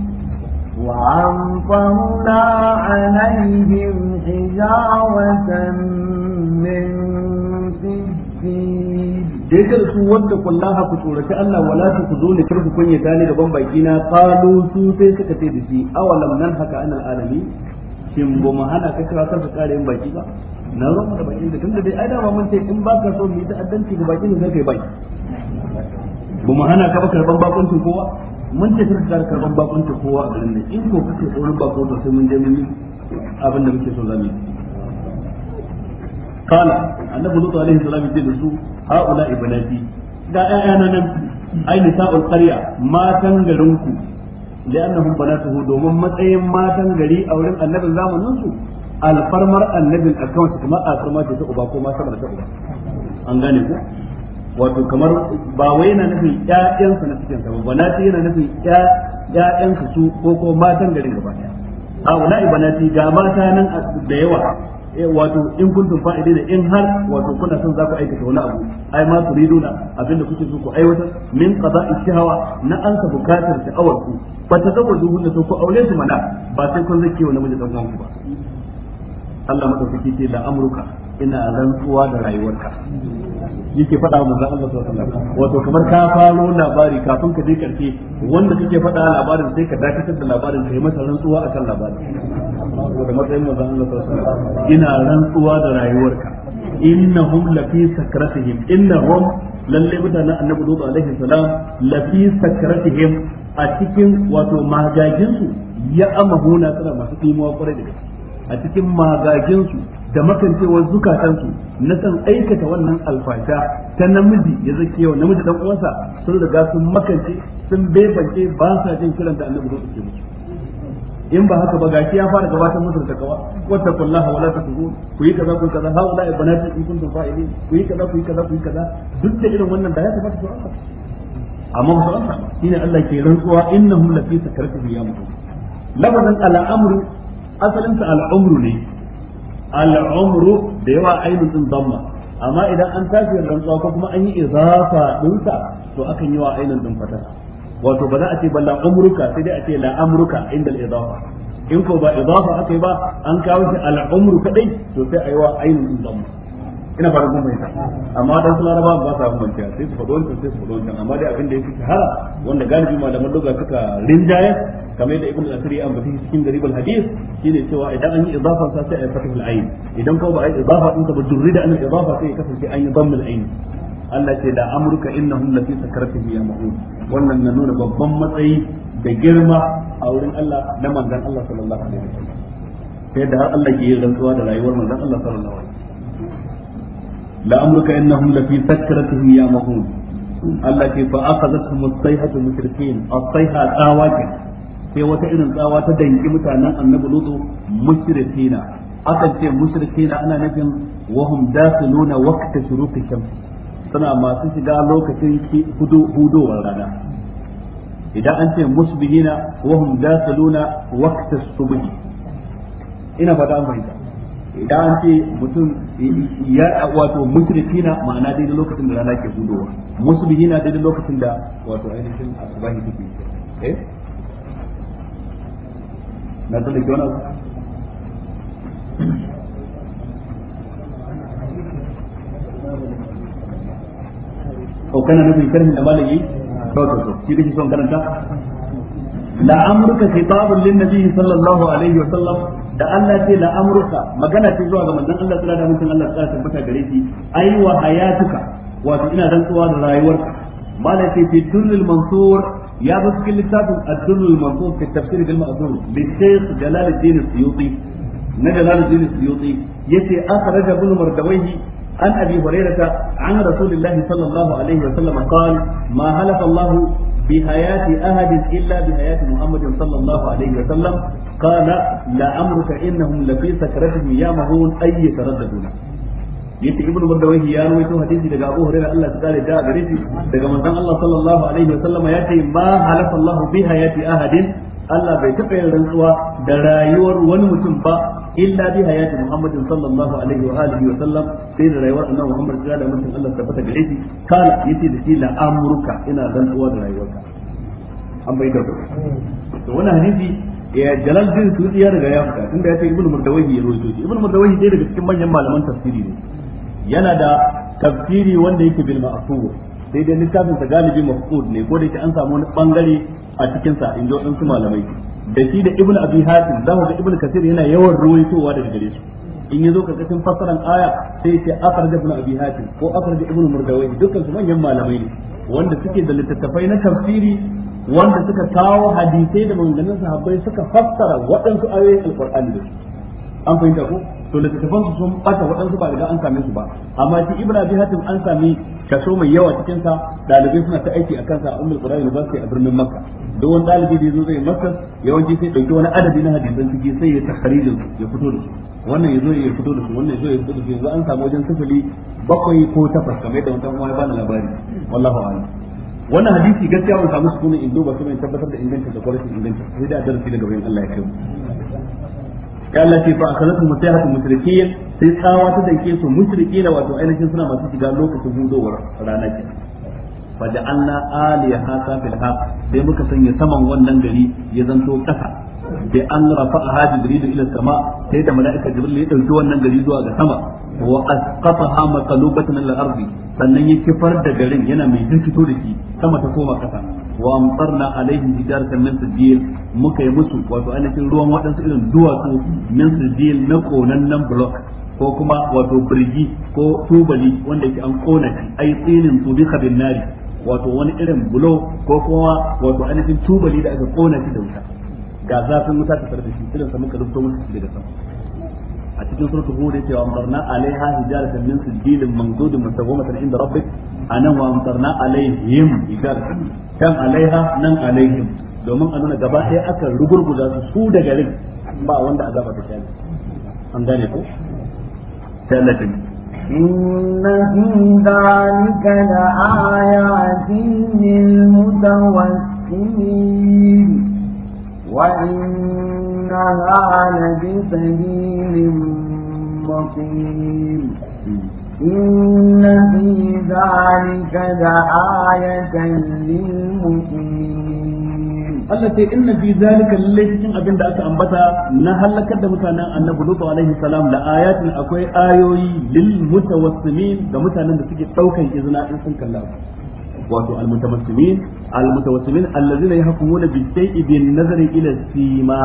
وأمطرنا عليهم حجارة من da yake da su wanda kullaha ku tsoraci Allah wala ta ku zo ne karku kunya tani da baki na qalu su sai suka ce da shi awalam nan haka ana alami shin ba mu hana ka kira sarfa kare yin baki ba na zo mu da bakin da tunda dai ai dama mun ce in baka so mu yi ta'addanci ga bakin da kai baki ba mu hana ka ba karban bakuncin kowa mun ce kirka kar karban bakuncin kowa a garin nan in ko kake tsoron bakon to sai mun je mun yi abin da muke so zamu yi kala annabi alaihi salam da su haula ibnati ayyana nan aini matan domin matsayin matan gari a wurin annabin zamanin su alfarmar akan su kuma uba ko da uba an gane ku wato kamar ba wai yana nufin na cikin banati yana su ko ko matan garin gaba ga mata nan yawa Eh, wato in kuntum da in har wato kuna son za ku aikata wani abu ai ma turiduna abinda kuke so ku aiwata min qada'i shahawa na an ka bukatar sha'awar ku fa tazawwaju da to ku aure su mana ba sai kun zake wani miji dan ku ba Allah madaukaki ce la amruka ina rantsuwa da rayuwarka yake faɗa wa manzon Allah sallallahu alaihi wasallam wato kamar ka faro labari kafin ka je karshe wanda kake faɗa labarin sai ka dakatar da labarin kai masa rantsuwa akan labarin da matsayin manzon Allah sallallahu alaihi wasallam ina rantsuwa da rayuwarka innahum lafi sakratihim innahum lalle mutanen annabi Nuhu alaihi salam lafi sakratihim a cikin wato magajinsu ya amahuna suna masu kimawa kwarai da gaske a cikin magajinsu da makancewar zukatansu na san aikata wannan alfasha ta namiji ya zake wa namiji dan uwansa sun riga sun makance sun bebance ba sa jin kiran da annabi zai ce musu in ba haka ba gashi ya fara gabatar musu da kawa wata kullaha wala takfuru ku yi kaza ku yi kaza ha wala ibanati in kun kuntum fa'ilin ku yi kaza ku yi kaza ku yi kaza duk da irin wannan da ya kamata su amsa amma ba su amsa shine Allah ke rantsuwa innahum lafi sakaratu ya mutu lafazan al'amru asalin sa al'umru ne al'umru da yawa ainun din damma amma idan an tashi rantsuwa ko kuma an yi izafa dinsa to akan yi wa ainun din fata wato ba za a ce ba la umruka sai dai a ce la amruka inda al-idafa in ko ba idafa akai ba an kawo shi al-umru kadai to sai a yi wa ainun din damma ina fara kun fahimta amma dan su laraba ba sa bambanta sai su faɗo wancan sai su wancan amma dai abin da yake shahara wanda galibi malaman lugha suka rinjaye kamar da ibnu asiri an bata cikin garibul shine cewa idan an yi idafa sa sai a fatihul idan ko ba a yi idafa din ka ba durrida an idafa sai ya kasance an yi dammul ayn Allah ce da Amurka innahum lafi sakaratihi ya mahud wannan na nuna babban matsayi da girma a wurin Allah na manzon Allah sallallahu alaihi wasallam sai da har Allah ke yin rantsuwa da rayuwar manzon Allah sallallahu alaihi wasallam لأمرك إنهم لفي سكرتهم يعمهون التي فأخذتهم الصيحة المشركين الصيحة آواجه sai wata irin tsawa ta danki mutanen annabi lutu mushrikina akan ce mushrikina ana nufin wahum suna masu shiga lokacin hudowar rana idan an ce musbihina wahum dakhiluna waqta subhi ina fata an fahimta idan an ce mutum ya wato mushrikina ma'ana daidai lokacin da rana ke budowa musbihina daidai lokacin da wato ainihin asubahi take eh na da ke wani o kana nufin karhin da malami kawai kawai shi kake son karanta la amruka khitabun lin nabi sallallahu alaihi wa sallam da Allah ce la amruka magana ce zuwa ga manzon Allah sallallahu alaihi wa sallam Allah ta tabbata gare shi ai wa hayatuka wato ina rantsuwa da rayuwarka mala ce fi durrul mansur ya zo cikin littafin ad-durrul mansur fi tafsir bil ma'zur bi shaykh jalaluddin suyuti na jalaluddin suyuti yace akhraja ibn mardawayhi عن ابي هريره عن رسول الله صلى الله عليه وسلم قال ما هلك الله بحياة أحد إلا بحياة محمد صلى الله عليه وسلم قال لأمرك إنهم لفي سكرتهم يامهون أي يترددون yace ibnu mardawayhi ya rawaito hadisi daga Abu Hurairah Allah ta kare da gare shi daga manzon Allah sallallahu alaihi wasallam ya ce ma halafa Allah bi hayati ahadin Allah bai taɓa yin rantsuwa da rayuwar wani mutum ba illa bi hayati sallallahu alaihi wa alihi wa sallam sai da rayuwar annabi muhammad sallallahu alaihi wa sallam Allah tabbata gare shi kala yace da shi la amruka ina zantuwa da rayuwarka an bai da to wannan hadisi ya jalal din tuzi ya riga ya fita ya ce ibnu murdawahi ya rawaito shi ibnu murdawahi dai daga cikin manyan malaman tafsiri ne yana da tafsiri wanda yake bil ma'thur sai littafin sa galibi mafqud ne ko da yake an samu wani bangare a cikin sa inda malamai da shi da ibnu abi hatim zamu ga ibnu kasir yana yawan ruwaitowa daga gare su in yazo karkashin fassaran aya sai ce akhraj ibnu abi hatim ko akhraj ibnu murdawi dukkan su manyan malamai ne wanda suke da littattafai na tafsiri wanda suka kawo hadisai da manganan sahabbai suka fassara waɗansu ayoyin alqur'ani da su an fahimta ko to littattafan su sun bata waɗansu ba idan an same su ba amma shi ibn abi hatim an sami kaso mai yawa cikin sa dalibai suna ta aiki akan sa a ummul qura university a birnin makka duk wani dalibi da yazo zai makka yawanci sai dauki wani adadi na hadisan ciki sai ya tahrijin ya fito da su wannan yazo ya fito da su wannan yazo ya fito da su yanzu an samu wajen sifili bakwai ko takwas kamar yadda mutum kuma ya bani labari wallahu a'lam wannan hadisi gaskiya ban samu sunan indo ba kuma tabbatar da ingancin da kwalitin ingancin sai da darasi daga bayan Allah ya kai mu ya Allah ce fa akhadatu mutahatu mushrikin sai tsawa ta danke su mushriki na wato ainihin suna masu shiga lokacin hudowar rana ke fa da Allah aliyaha ta fil haq sai muka sanya saman wannan gari ya zanto kasa Da an rafa'a jibril ila sama sai da malaika jibril ya dauki wannan gari zuwa ga sama wa asqataha maqlubatan lil ardi sannan ya kifar da garin yana mai jirkito da shi sama ta koma kasa wa amtarna alaihim hijaratan min sijil muka yi musu wato ainihin ruwan waɗansu irin duwatsu min sijil na konannen block ko kuma wato birgi ko tubali wanda yake an kona shi ai tsinin tubika bin nari wato wani irin bulo ko kuma wato ainihin tubali da aka kona shi da wuta ga zafin wuta ta tare da shi irin sa muka rubuto musu daga sama a cikin suratul hud yace wa amtarna alaiha hijaratan min sijilin mamdudin musawwamatan inda rabbik anan wa amtarna alaihim hijaratan kan alaiha nan alaihim domin a nuna gaba ɗaya aka rugurguza su su da garin ba wanda azaba ta kyale an gane ko tallatin إن في ذلك لآيات للمتوسمين وإن على بسبيل مقيم إن في ذلك لآية للمؤمنين Allah ce inna fi zalika lallai cikin abin da aka ambata na halakar da mutanen annabi Lutu alaihi salam da ayatin akwai ayoyi lil mutawassimin da mutanen da suke ɗaukan izina in sun kalla wato al mutawassimin al mutawassimin allazina yahkumuna bi shay'i bin nazari ila sima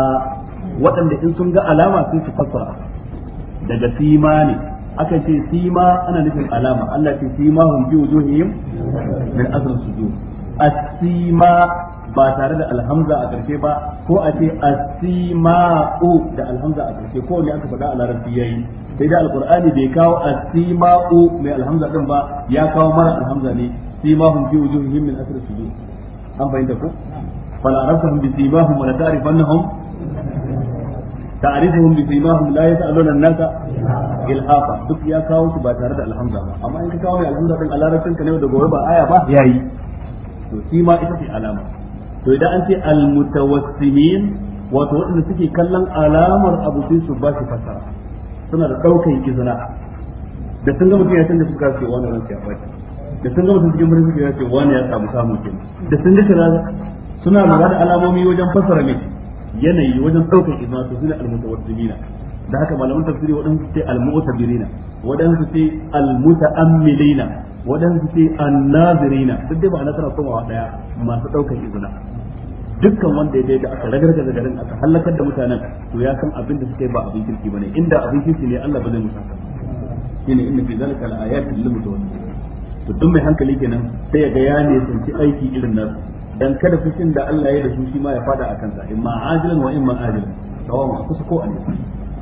waɗanda in sun ga alama sai su fassara daga sima ne akan ce sima ana nufin alama Allah ce sima hum fi wujuhihim min asr sujud as-sima ba tare da alhamza a ƙarshe ba ko a ce as-sima'u da alhamza a ƙarshe ko ne aka faɗa a larabci yayi sai da alqur'ani bai kawo as-sima'u mai alhamza din ba ya kawo mara alhamza ne sima hum fi wujuhihim min asr sujud an fahimta ko fala arafahum bi simahum wa la ta'rifannahum ta'rifuhum bi simahum la yas'aluna an-nasa ilhafa duk ya kawo su ba tare da alhamza ba amma in ka kawo mai alhamza din a larabcin ka ne da gobe ba aya ba yayi to shi ma ita ce alama to idan an ce almutawassimin wato wanda suke kallon alamar abu sai su ba shi fasara suna da daukan izina da sun ga mutum ya canza suka ce wani ran ya faɗi da sun ga mutum cikin mutum ya ce wani ya samu samu kenan da sun ga suna lura da alamomi wajen fasara mai yanayi wajen daukar izina to sune almutawaddimina da haka malaman tafsiri wadansu ce almu'tabirina wadansu ce almutaammilina wadansu ce annazirina duk dai ma'ana tana komawa daya masu daukar izina dukkan wanda ya dai da aka ragarga da garin aka halakar da mutanen to ya san abin da suke ba abin kirki bane inda abin kirki ne Allah ba zai musa shine inna fi zalika al-ayat lil mutawallimin to duk mai hankali kenan sai ya ga ya ne sanci aiki irin nasu dan kada fushin da Allah ya da su shi ma ya fada akan sa ma ajilan wa in ma ajilan tawama ma kusa ko an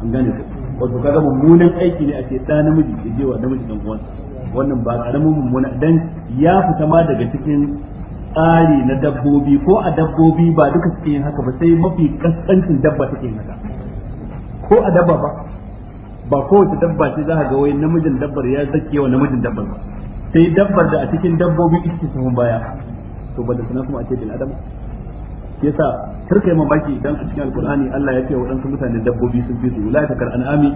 an gane ku wato kaga mummunan aiki ne a ce da namiji ya je wa namiji dan uwansa wannan ba karamin mummuna dan ya fita ma daga cikin tsari na dabbobi ko a dabbobi ba duka suke yin haka ba sai mafi kaskancin dabba take yin haka ko a dabba ba ba kowace dabba ce za ga wai namijin dabbar ya zakewa wa namijin dabbar ba sai dabbar da a cikin dabbobi ita sahun baya to ballan sanan kuma a ce bil adam yasa kar kai mamaki idan a cikin alqur'ani Allah ya ce waɗansu mutane dabbobi sun fi su la ta kar an'ami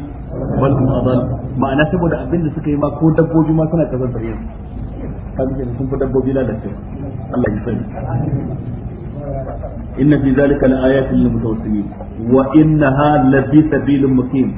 bal hum adal ma'ana saboda abin da suka yi ma ko dabbobi ma suna kazan da yanzu kaga kenan sun fi dabbobi lalace Allah ya sani inna fi zalika laayatin lil mutawassimin wa innaha la bi sabilin muqim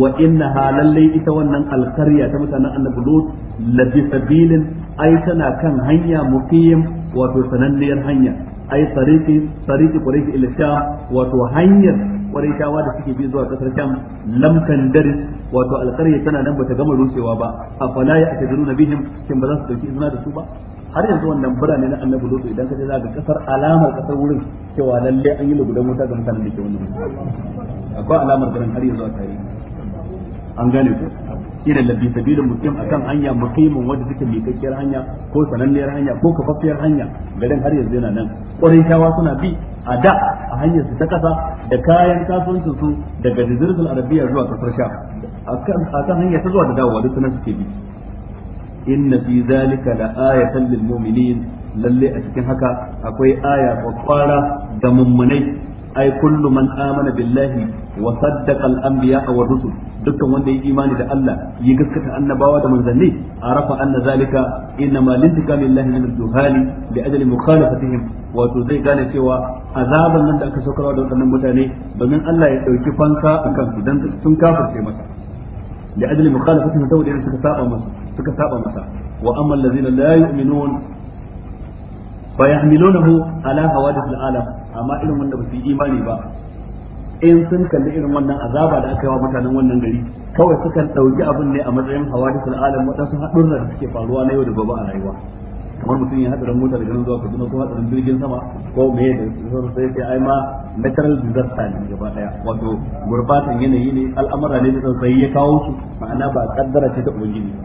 wa innaha lallai ita wannan alqarya ta mutanen annabi lut la bi sabilin ai tana kan hanya muqim wato sananniyar hanya ai sariki sariki quraish ila sham wato hanyar quraishawa da suke bi zuwa kasar sham lam kandari wato alqarya tana nan bata gama rushewa ba afala ya tajruna bihim kin ba za su dauki izina da su ba har yanzu wannan birane na annabi lutu idan ka je za ga kasar alamar kasar wurin cewa lalle an yi lugudan wuta ga mutanen da ke wannan akwai alamar garin har yanzu a tarihi an gane ku ila labbi sabilun mutum akan hanya mukimin wanda suke mikakkiyar hanya ko sananniyar hanya ko kafaffiyar hanya garin har yanzu yana nan shawa suna bi a da a hanyar su ta kasa da kayan kasuwancin su daga jazirul arabiya zuwa kasar sha akan hanya ta zuwa da dawowa duk nan suke bi inna fi zalika la ayatan lil mu'minin lalle a cikin haka akwai aya kwakwara da mummunai ai kullu amana billahi wa saddaqa al-anbiya wa rusul dukkan wanda ya imani da Allah ya gaskata annabawa da manzanni arafa anna zalika inna ma lintikami lillahi min al-juhali li ajli mukhalafatihim wato zai gane cewa azaban nan da aka saukarwa da waɗannan mutane domin Allah ya dauki fansa akan su dan sun kafirce masa li ajli على حوادث العالم amma irin wanda ba su yi imani ba in sun kalli irin wannan azaba da aka yi wa mutanen wannan gari kawai sukan ɗauki abin ne a matsayin hawadisul alam sun haɗurra da suke faruwa na yau da gobe a rayuwa kamar mutum ya haɗarin mota daga nan zuwa Kaduna ko haɗarin jirgin sama ko meye da sauran sai sai ai ma natural disaster ne gaba daya wato gurbatan yanayi ne al'amura ne da sai ya kawo su ma'ana ba kaddara ce ta ubangiji ba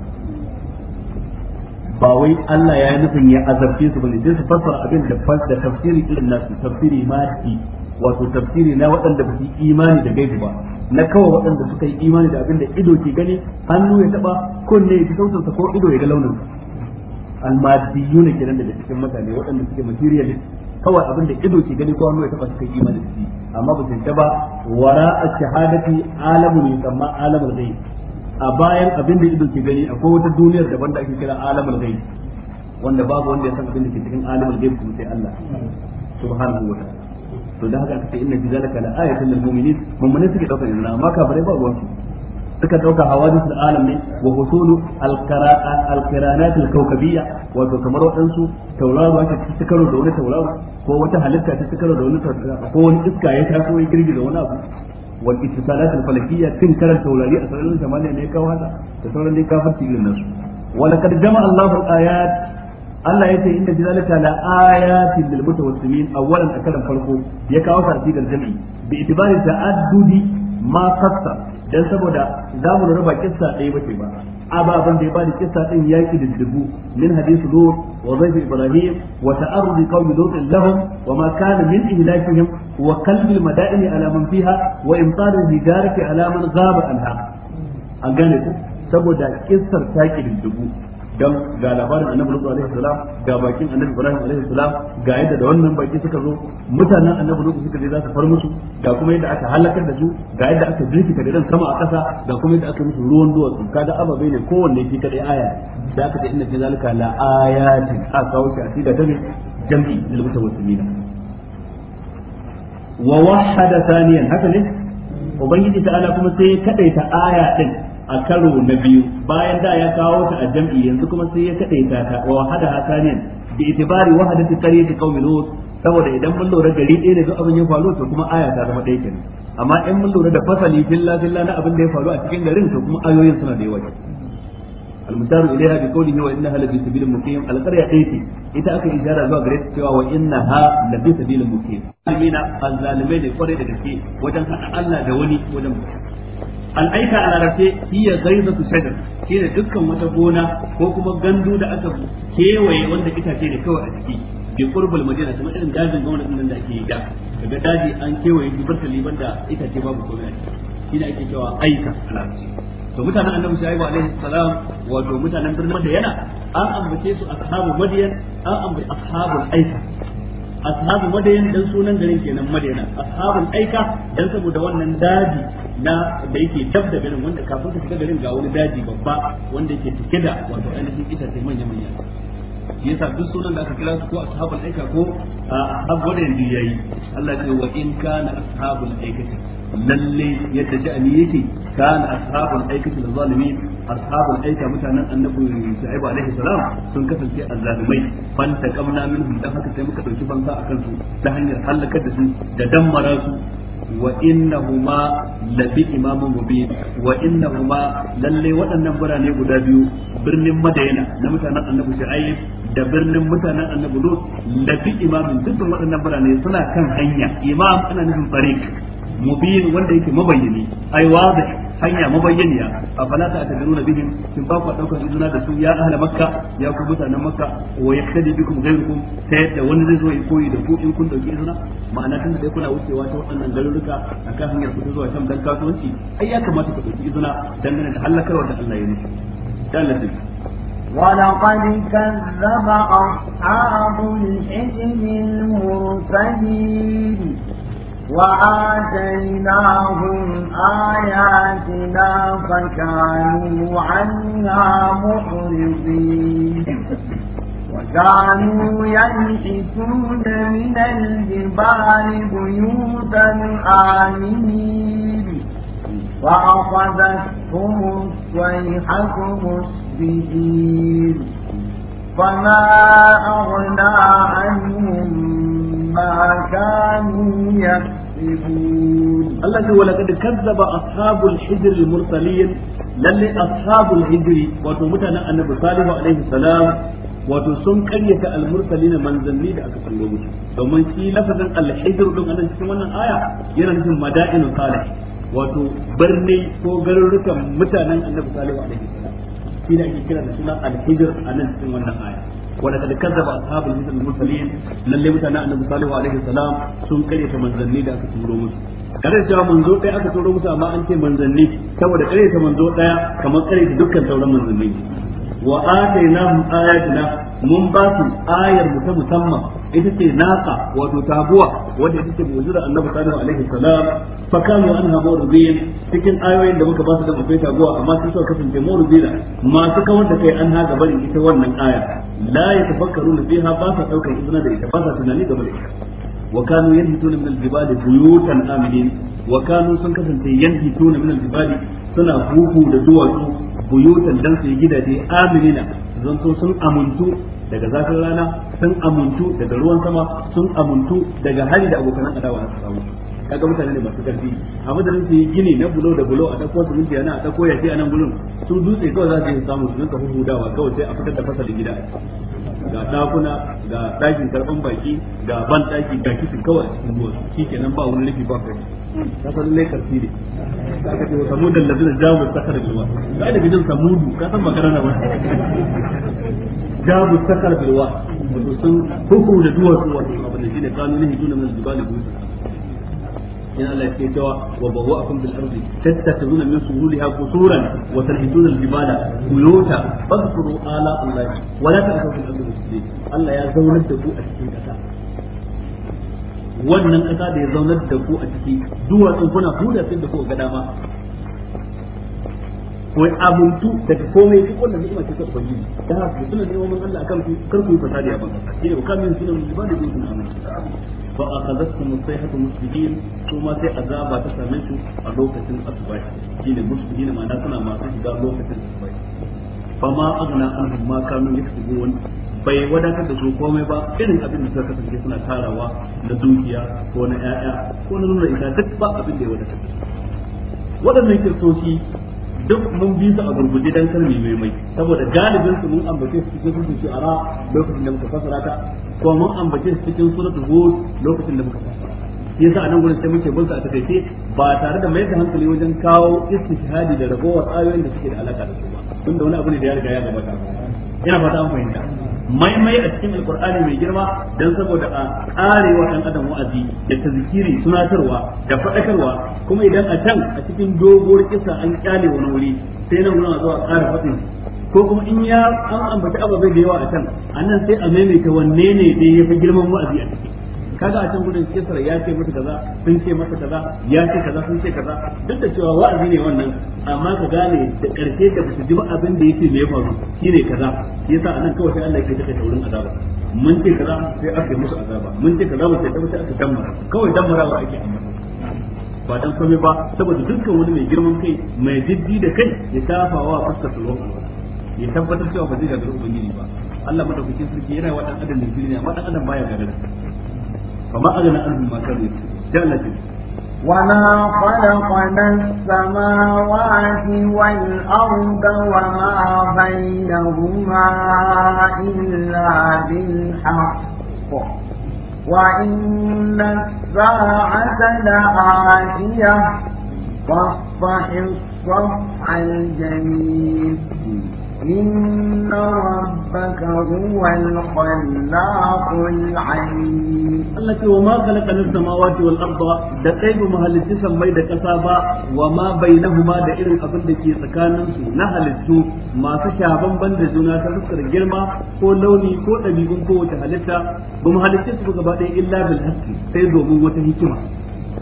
ba wai Allah ya yi nufin ya azabce su bane sai su fassara abin da da tafsiri irin nasu tafsiri mati wato tafsiri na waɗanda ba su imani da gaibi ba na kawai waɗanda suka yi imani da abin da ido ke gani hannu ya taba kunne ya sautinsa ko ido ya ga launin almadiyuna kenan daga cikin mutane waɗanda suke materialist kawai abin da ido ke gani ko hannu ya taba suka yi imani da shi amma ba su ba wara a shahadati alamun yusamma alamul ghaib a bayan abin da ido ke gani akwai wata duniyar daban da ake kira alamul ghaib wanda babu wanda ya san abin da ke cikin alamul ghaib kuma sai Allah subhanahu wa ta'ala to da haka kace inna fi zalika la ayatan lil mu'minin mu'minin suke dauka yanzu amma kafirai ba ruwan su suka dauka hawadith al alam ne wa husulu al al qiranat al kawkabiyya wato kamar wadansu tauraro aka ci karo da wani tauraro ko wata halitta ta ci karo da wani tauraro ko wani iska ya taso ya girgiza wani abu wal ittisalat al falakiyya kin karanta taurari a sararin samaniya ne kawo haka da sauran dai kafarci irin nasu wa laqad jama'a Allahu al ayat Allah yace inna fi zalika la ayatin lil mutawassimin a karan farko ya kawo tartigal jami'i bi itibari ta'addudi ma qassa dan saboda zamu lura ba kissa ɗaya bace ba ababan da ya bada kissa din yaki da dubu min hadisi lut wa zayf ibrahim wa ta'arrud qaum lut lahum wa ma kana min ihlakihim wa qalb al madaini ala man fiha wa imtar al hijarati ala man ghaba anha an gane ku saboda kissar taki da dubu dan ga labarin annabi lutu alaihi salam ga bakin annabi ibrahim alaihi salam ga yadda da wannan baki suka zo mutanen annabi lutu suka je za su far musu ga kuma yadda aka halakar da su ga yadda aka jirkita da ran sama a ƙasa ga kuma yadda aka musu ruwan duwatsu kaga ababai ne kowanne ki kadai aya da aka ce inna fi zalika la ayatin a kawo shi a sida ta ne jam'i lil mutawassimina wa wahada thaniyan haka ne ubangiji ta'ala kuma sai ya kadaita aya din a karo na biyu bayan da ya kawo ta a jam'i yanzu kuma sai ya kadaita ta wa wahada hasaniyan bi itibari wahadati qaryati qaumi lut saboda idan mun lura gari ɗaya da abin ya faru to kuma aya ta zama ɗaya kenan amma in mun lura da fasali filla filla na abin da ya faru a cikin garin to kuma ayoyin suna da yawa المشار إليها بقوله وإنها لفي سبيل مقيم القرية أيتي إذا أكل إشارة زوا قريت سوى وإنها لفي سبيل مقيم المين الظالمين قرية تكفي وجن ألا دوني وجن al'aika a larabce hiya ghaizatu shajar da dukkan wata gona ko kuma gandu da aka kewaye wanda itace ne kawai a ciki bi qurbul madina kamar irin dajin gwamnati nan da ake yi da daga daji an kewaye shi barkali da itace babu komai a ciki shine ake cewa aika a larabce to mutanen annabi shaibu alaihi salam wato mutanen birnin madina an ambace su ashabu madiyan an ambace ashabul aika ashabu madayin dan sunan garin kenan madayana ashabun aika dan saboda wannan daji na da yake dab da garin wanda kafin ka shiga garin ga wani daji babba wanda yake cike da wato ainihin itace manya manya shi yasa duk sunan da aka kira su ko ashabul aika ko ah, ashabul wadayan yayi Allah ya ce wa in kana ashabul aika lalle yadda sha'ani yake kana ashabul aikati zalimin ashabul aika mutanen annabi shu'aib alaihi salam sun kasance azzalimai fan taqamna minhum dan haka sai muka dauki fansa akan su ta hanyar halakar da su da dammara su wa innahuma labi imamun mubin wa innahuma lalle waɗannan birane guda biyu birnin madaina na mutanen annabi shu'aib da birnin mutanen annabi lut labi imamun dukkan waɗannan birane suna kan hanya imam ana nufin tariq mubin wanda yake mabayyani ai wadih hanya mabayyaniya a fala ta tadaruna bihim kin ba ku daukar izina da su ya ahla makka ya ku mutanen makka wa yaktadi bikum ghayrukum ta yadda wani zai zo ya koyi da ku in kun dauki izina ma'ana tun da kuna wucewa ta waɗannan garuruka akan hanyar ku zuwa can dan kasuwanci ai ya kamata ku dauki izina dangane da halakarwa da Allah ya muku dan lafiya ولقد كذب أصحاب الحجر المرسلين وآتيناهم آياتنا فكانوا عنها مخلصين وكانوا ينحتون من الجبال بيوتا آمنين فأخذتهم الصيحة مصبحين فما أغنى عنهم ما كانوا يكسبون الله يقول ولقد كذب أصحاب الحجر المرسلين للي أصحاب الحجر وتمتنا النبي صالح عليه السلام wato sun karyata almursalina manzanni da aka kallo musu domin shi lafazin alhijr din anan cikin wannan aya yana nufin madainu salih wato birni ko garurukan mutanen annabi salihu alaihi wasallam shi ne ake kira da suna alhijr anan cikin wannan aya ولقد كذب اصحاب المثل المرسلين lalle mutanen annabi salihu alaihi salam sun kare ta manzanni da aka turo musu kare ta manzo ɗaya aka turo musu amma an ce manzanni saboda kare ta manzo ɗaya kamar kare ta dukkan sauran manzanni wa atainahum ayatina mun ba su ayar mu ta musamman ita ce naka wato taguwa wanda ita ce mujura annabi sallallahu alaihi wasallam fa kanu anha murdiyin cikin ayoyin da muka ba su da akwai taguwa amma sun suka kasance murdina masu kawar da kai an ha barin ita wannan aya la yatafakkaruna fiha ba sa daukar izina da ita ba sa tunani game da ita wa kanu yanhituna min al-jibali buyutan aminin wa kanu sun kasance yanhituna min al-jibali suna buhu da duwatsu buyutan dan su gidaje aminina zanto sun amuntu daga zafin rana sun amintu daga ruwan sama sun amintu daga hari da abokan adawa na samu kaga mutane ne masu karfi a madadin su yi gini na bulo da bulo a dauko su minti yana a dauko yafi a nan gurin su dutse kawai za su yi samu su dinka hudawa kawai sai a fitar da fasalin gida ga dakuna ga dakin karban baki ga ban daki ga kishin kawai a cikin ruwa nan ba wani rufi ba kai ka san lai karfi ne ka ka ce samu da lazina jawo sakar ruwa ka da gidan samudu ka san magana ba jabu sakar bilwa wato sun hukku da duwatsu wato abin da shine kanunin hiduna min da bu in Allah ya cewa wa wa bawwa'akum bil ardi nuna min suhuliha qusuran wa tanhituna al jibala buyuta fadhkuru ala Allah wa la ta'thaw fil ardi mufsidin Allah ya zaunar da ku a cikin kasa wannan kasa da ya zaunar da ku a ciki duwatsun kuna huda da ku ga dama ko amintu daga komai duk wannan ni'ima ce ta ubangiji dan haka ku tuna neman Allah akan ku kar ku yi fasadi a banka shine ku kamin sunan ibada ku tuna amin fa akhadhatkum musayhatu musbihin kuma sai azaba ta same su a lokacin asuba shine musbihin ma'ana suna masu shiga lokacin asuba fa ma aghna anhum ma kanu yaksubun bai wadatar da su komai ba irin abin da suka kasance suna tarawa na dukiya ko na ƴaƴa ko na nuna ita duk ba abin da ya wadatar da su waɗannan kirtoci duk mun bi su a gurguje dan kalmi mai mai saboda galibin su mun ambace su cikin suratul shu'ara lokacin da muka fasara ta ko mun ambace su cikin suratu hud lokacin da muka fasara shi yasa anan gurin sai muke bin su a takaice ba tare da mai da hankali wajen kawo istihadi da ragowar ayoyin da suke da alaka da su ba tunda wani abu ne da ya riga ya gabata ina fata an fahimta maimai a cikin alkur'ani mai girma dan saboda a karewa ɗan adam wa'azi da tazkiri sunatarwa da faɗakarwa kuma idan a can a cikin doguwar kisa an kyale wani wuri sai nan muna zuwa ƙara faɗin ko kuma in ya an ambaci ababai da yawa a can a nan sai a maimaita wanne ne dai ya fi girman wa'azi a ciki kaga a can gudun kesar ya ce mata kaza sun ce mata kaza ya ce kaza sun ce kaza duk da cewa wa'azi ne wannan amma ka gane da karshe da su ji abin da yake mai faru shine kaza yasa anan kawai sai Allah yake take taurin azaba mun ce kaza sai aka musu azaba mun ce kaza sai sai aka dammara kawai dammara ba ake amma ba dan komai ba saboda dukkan wani mai girman kai mai jiddi da kai ya tafawa fuskar sulhu ya tabbatar cewa ba zai ga ubangiji ba Allah madaukakin sarki yana wa dan adam ne amma dan adam baya gagara فما أغنى عنهم ما كانوا يكسبون وما خلقنا السماوات والأرض وما بينهما إلا بالحق وإن الساعة لآتية فاصفح الصفح الجميل إن ربك هو الخلاق العليم التي وما خلق السماوات والأرض دقيب مهل السماء دكسابا وما بينهما دائر أبن دكي سكان نهل السو ما سشابا بند جنا تذكر جرما كو لوني كو أبيكم كو تهلتا بمهل السماء إلا بالحق سيدو هو تهكما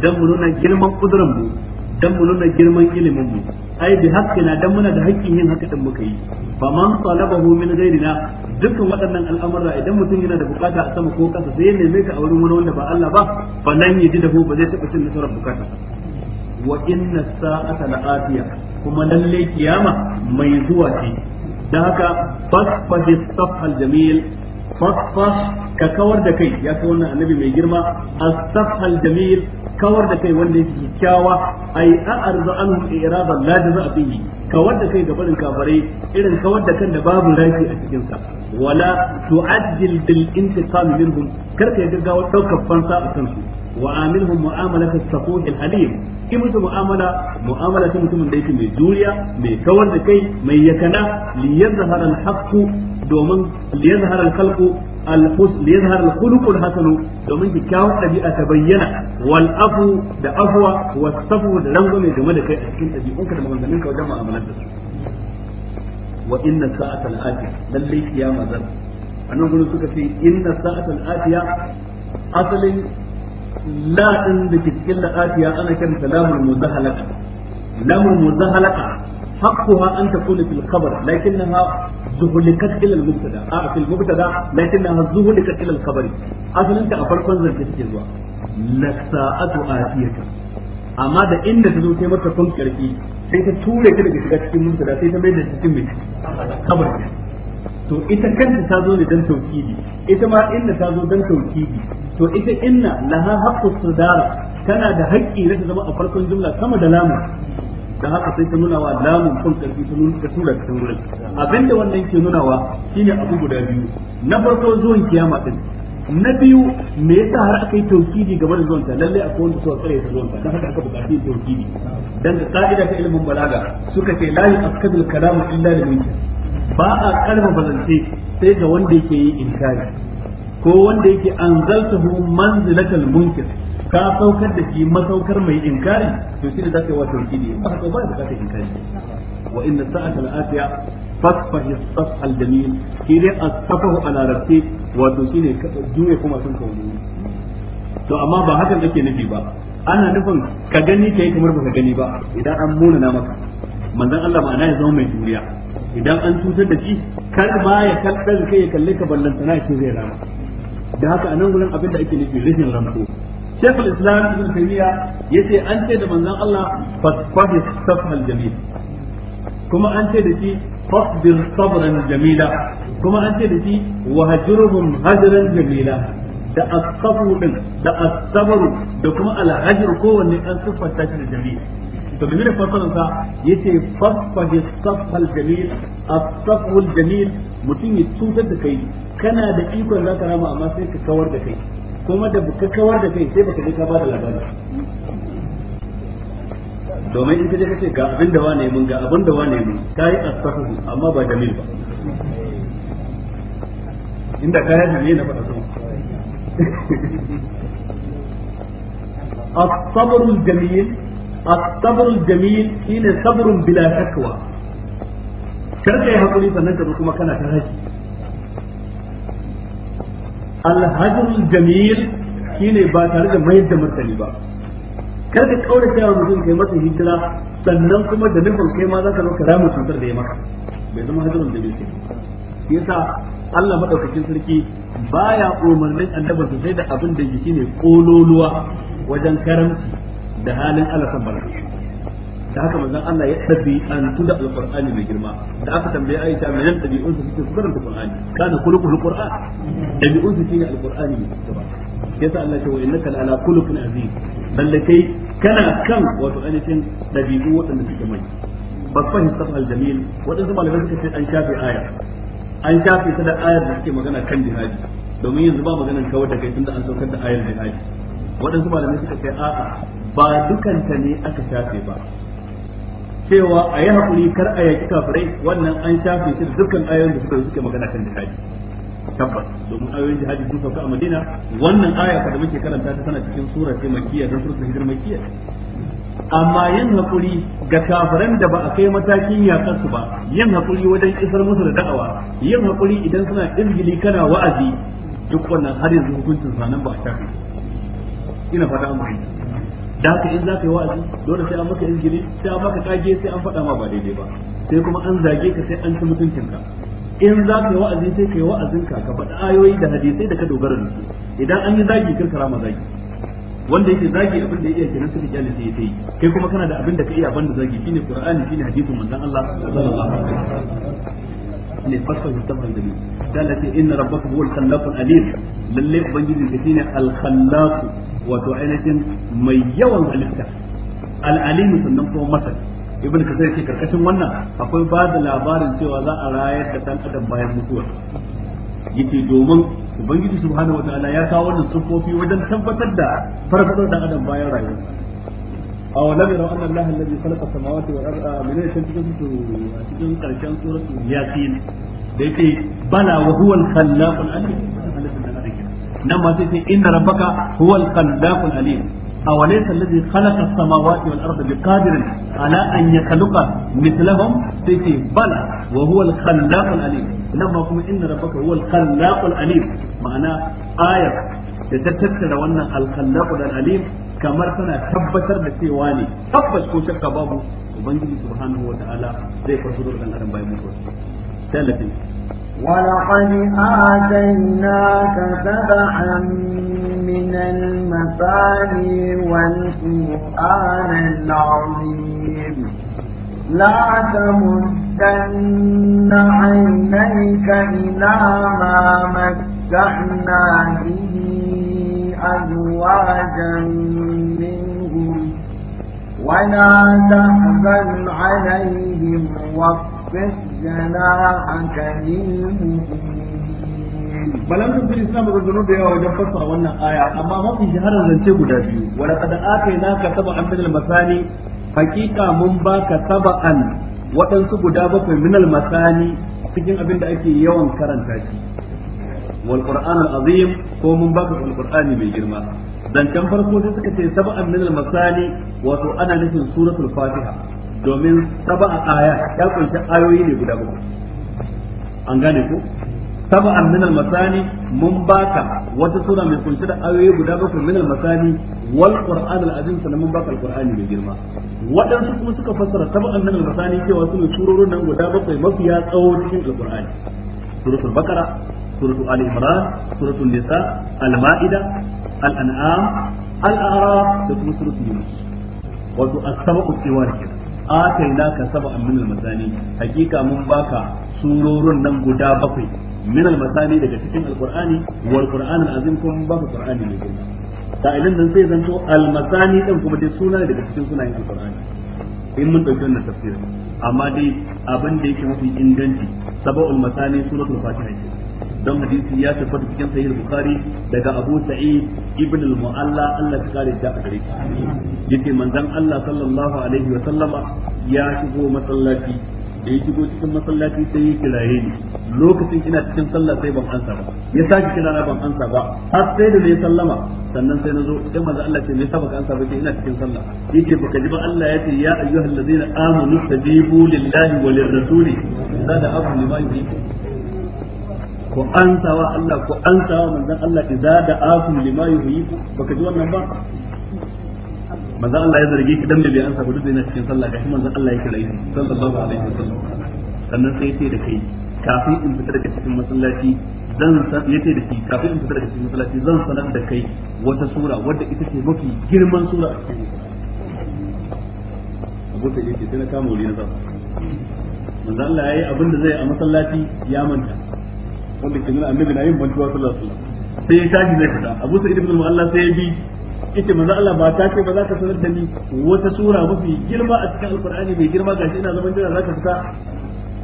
دمرنا جرما قدرم dan mu nuna girman ilimin mu ai bi haqqina dan muna da haƙƙin yin haka dan muka yi fa man talabahu min ghayrina dukkan waɗannan al'amura idan mutum yana da bukata a sama ko kasa sai ya neme ka a wurin wani wanda ba Allah ba fa nan yaji da ba zai taɓa cin nasarar bukata wa inna sa'ata la'afiya kuma lalle kiyama mai zuwa ce dan haka fasfahi safhal jamil fasfah ka kawar da kai ya kai wannan annabi mai girma as-safhal jamil kawar da kai wanda yake kyakkyawa ai a'arzu anhum i'radan la a bihi kawar da kai gabanin kafare irin kawar da kan da babu rafi a cikin sa wala tu'ajjil bil intiqam minhum karka gaggawa daukar fansa a kansu wa amilhum mu'amalata as-safuh al-halim in mutu mu'amala mu'amala ta mutumin da yake mai juriya mai kawar da kai mai yakana li yazhara al domin li yazhara al-khalqu الحسن ليظهر الخلق الحسن domin kyakkyawar ɗabi'a ta bayyana wal afu da afwa wa safu da rangwame game da kai a cikin ɗabi'unka da maganganun ka wajen mu'amalar su wa inna sa'ata al-atiya lalle kiyama zan anan gurin suka ce inna sa'ata al asalin la cikin ana kiranta lamul muzahalaka حقها أن تكون في الخبر لكنها زهلكت إلى المبتدا آه في المبتدا لكنها زهلكت إلى الخبر أصلا أنت أفرقون ذلك الجزوة لساءة آتية amma da inda ta zo sai mata kun sai ta ture ta daga shiga cikin mubtada sai ta to ita kanta ta zo ne dan tauhidi ita ma in ta zo dan tauhidi to ita inna laha haqqus sadara tana da haƙƙi na ta zama a farkon jumla kama da lamu da haka sai ta nuna wa lamun kun karfi ta nuna tura ta wurin abinda wannan ke nuna wa shine abu guda biyu na farko zuwan kiyama din na biyu me yasa har aka yi tauhidi game da zuwanta lalle akwai wanda suka tsare zuwanta dan haka aka buƙaci tauhidi dan da ka'ida ta ilimin balaga suka ce la yu'akkadul kalam illa li ba a karba balance sai ga wanda yake yi inkari ko wanda yake anzaltahu manzilatal munkir ka saukar da shi masaukar mai inkari to shi ne za ka yi wa tauhidi ba ka ba ka ta inkari wa inna sa'ata al-atiya fasfah as-saf al-jamil shi ne as ala rabbi wato shi ne juye kuma sun kauni to amma ba hakan ake nufi ba ana nufin ka gani kai kamar ba ka gani ba idan an muna na maka manzon Allah ma'ana ya zama mai juriya idan an cutar da shi kar ma ya kaddar kai ya kalle ka ballantana shi zai rama da haka anan gurin abin da ake nufi rihin ramko shekul islam ibn taymiya yace an ce da manzon Allah fasfahi safhal jamil kuma an ce da shi fasbir sabran jamila kuma an ce da jamila da asabu din da asabaru da kuma alhajr kowanne an siffanta shi da jamil to da mene fasalan sa yace fasfahi safhal jamil asafhul jamil mutum ya cutar da kai kana da ikon zaka rama amma sai ka kawar da kai kuma da ka kawar da kai sai baka je ka ba da labari domin in ka ce ga abin da wane mun ga abin da wane mun kai astaghfu amma ba jamil ba inda kaya ne na faɗa sama الصبر الجميل الصبر الجميل حين صبر بلا شكوى كركي هقولي فنانك بكما كان تهجي alhajrul jamil shine ba tare da mayar da martani ba kar ka kaura cewa mutum kai masa hijira sannan kuma da nufin kai ma zaka zo ka rama cutar da ya maka bai zama hajrul jamil ke yasa Allah madaukakin sarki baya umarnin annabi sai da abin da yake ne kololuwa wajen karamci da halin alasan barka da haka manzon Allah ya tabi an tunda alqur'ani mai girma da aka tambaye Aisha me nan dabi'un su suke karanta qur'ani kana kulukul qur'an dabi'un su shine alqur'ani mai girma yasa Allah ya ce wa innaka ala kulukun aziz lalle kai kana kan wato ainihin dabi'u waɗanda suke mai babban hisab al-jamil waɗansu malamai suka ce an shafi aya an shafi ta da ayar da suke magana kan jihadi domin yanzu ba maganar kawar da kai tunda an saukar da ayar jihadi waɗansu malamai suka ce a'a ba dukanta ne aka shafe ba cewa a yi haƙuri kar a yaƙi kafirai wannan an shafe shi da dukkan ayoyin da suka yi suke magana kan jihadi tabbas domin ayoyin jihadi sun sauka a madina wannan aya da muke karanta ta tana cikin sura ce makiyya don sura hijir makiyya amma yin haƙuri ga kafiran da ba a kai matakin yakar su ba yin haƙuri wajen isar musu da da'awa yin haƙuri idan suna izgili kana wa'azi duk wannan har yanzu hukuncin sanan ba a shafe ina fata an fahimta da haka in za ka yi wa'azi dole sai an maka izgiri sai an maka kage sai an faɗa ma ba daidai ba sai kuma an zage ka sai an ci mutuncinka in za ka yi wa'azi sai ka yi wa'azinka ka faɗi ayoyi da hadisai da ka dogara da su idan an yi zagi kirkara ma zagi wanda yake zagi abin da ya iya kenan suka kyale sai ya yi kai kuma kana da abin da ka iya banda zagi shine qur'ani shine hadisin manzon Allah sallallahu alaihi wasallam ne fasal musamman da ni dalati inna rabbaka huwal al alim lalle ubangiji ka shine al khallaq wato ainihin mai yawan halitta al alim sannan kuma masal ibn kasar ce karkashin wannan akwai ba da labarin cewa za a rayar da dan adam bayan mutuwa yake domin ubangiji subhanahu wataala ya kawo wannan sufofi wajen tabbatar da farfadar dan adam bayan rayuwa. أو لم يروا أن الله الذي خلق السماوات والأرض من cikin karshen suratu yasin da yake bala wa huwa al-khallaqul alim nan ma sai sai inna rabbaka huwa al-khallaqul alim أو ليس الذي خلق السماوات والأرض بقادر على أن يخلق مثلهم سيتي بلى وهو الخلاق الأليم لما قم إن ربك هو الخلاق الأليم معناه آية da ta tattara wannan alkhallaqu da alim kamar tana tabbatar da cewa ne tabbas ko shakka babu ubangiji subhanahu wa ta'ala zai farko da dan adam bayan mutuwa tallafi ولقد آتيناك سبعا من المثاني والقرآن العظيم لا تمدن عينيك إلى ما مكت ونزعنا به أزواجا منهم ولا تحزن عليهم واخفض جناحك balan da suna ba zai zuru da yawa wajen fassara wannan aya amma mafi shaharar zance guda biyu wala qad ataina ka sab'an min al-masani haqiqa mun baka sab'an waɗansu guda bakwai min al cikin abin da ake yawan karanta shi wal qur'an al azim ko mun baka alqur'ani mai girma zancen farko sai suka ce sab'an min al masani wato ana nufin suratul fatiha domin sab'a aya ya kunshi ayoyi ne guda uku an gane ko sab'an min al masani mun baka wata sura mai kunshi da ayoyi guda bakwai min al masani wal qur'an al azim sannan mun baka al qur'ani mai girma waɗansu kuma suka fassara sab'an min al masani cewa su ne surorin nan guda bakwai mafiya tsawo cikin al qur'ani suratul baqara suratu ali imran suratu nisa al-ma'ida al-an'am al-a'raf da kuma suratu yunus wato as-sab'u tiwari atainaka sab'an min al-masani hakika mun baka surorun nan guda bakwai min al-masani daga cikin al-qur'ani wal qur'an al-azim kuma baka qur'ani ne sa'ilin nan al kuma dai suna daga cikin sunayen al in mun dauki wannan tafsirin amma dai abin da yake mafi inganci sab'ul masani suratul fatiha don hadisi ya tabbata cikin sahih bukhari daga abu sa'id ibn al-mu'alla Allah ya kare ta a gare shi yace manzon Allah sallallahu alaihi wa sallama ya shigo masallaci da ya shigo cikin masallaci sai ya kiraye ni lokacin ina cikin sallah sai ban ansa ba ya sake kira na ban ansa ba har sai da ne sallama sannan sai na zo sai manzo Allah ce me yasa baka ansa ba ke ina cikin sallah yake baka ji ba Allah ya ce ya ayyuhallazina amanu tajibu lillahi walirrasuli sada afu lima yuhibbu ko an sawa Allah ko an sawa manzon Allah idza da'akum lima ba baka ji wannan ba manzon Allah ya zargi ki dan da bai ansa ba duk yana cikin sallah gashi manzon Allah yake rayi sallallahu alaihi wasallam sannan sai yace da kai kafin in fita daga cikin masallaci zan yace da kai kafin in fita daga cikin masallaci zan sanar da kai wata sura wadda ita ce mafi girman sura a cikin abokan yake sai na kama wuri na zafi manzo Allah yayi abin da zai a masallaci ya manta wanda ke nuna annabi na yin bantuwa sallallahu alaihi wasallam sai ya tashi zai fita Abu Sa'id ibn al-Mu'alla sai ya bi ita manzo Allah ba ta ce ba za ka sanar da ni wata sura mafi girma a cikin alqur'ani mai girma gashi ina zaman jira za ka fita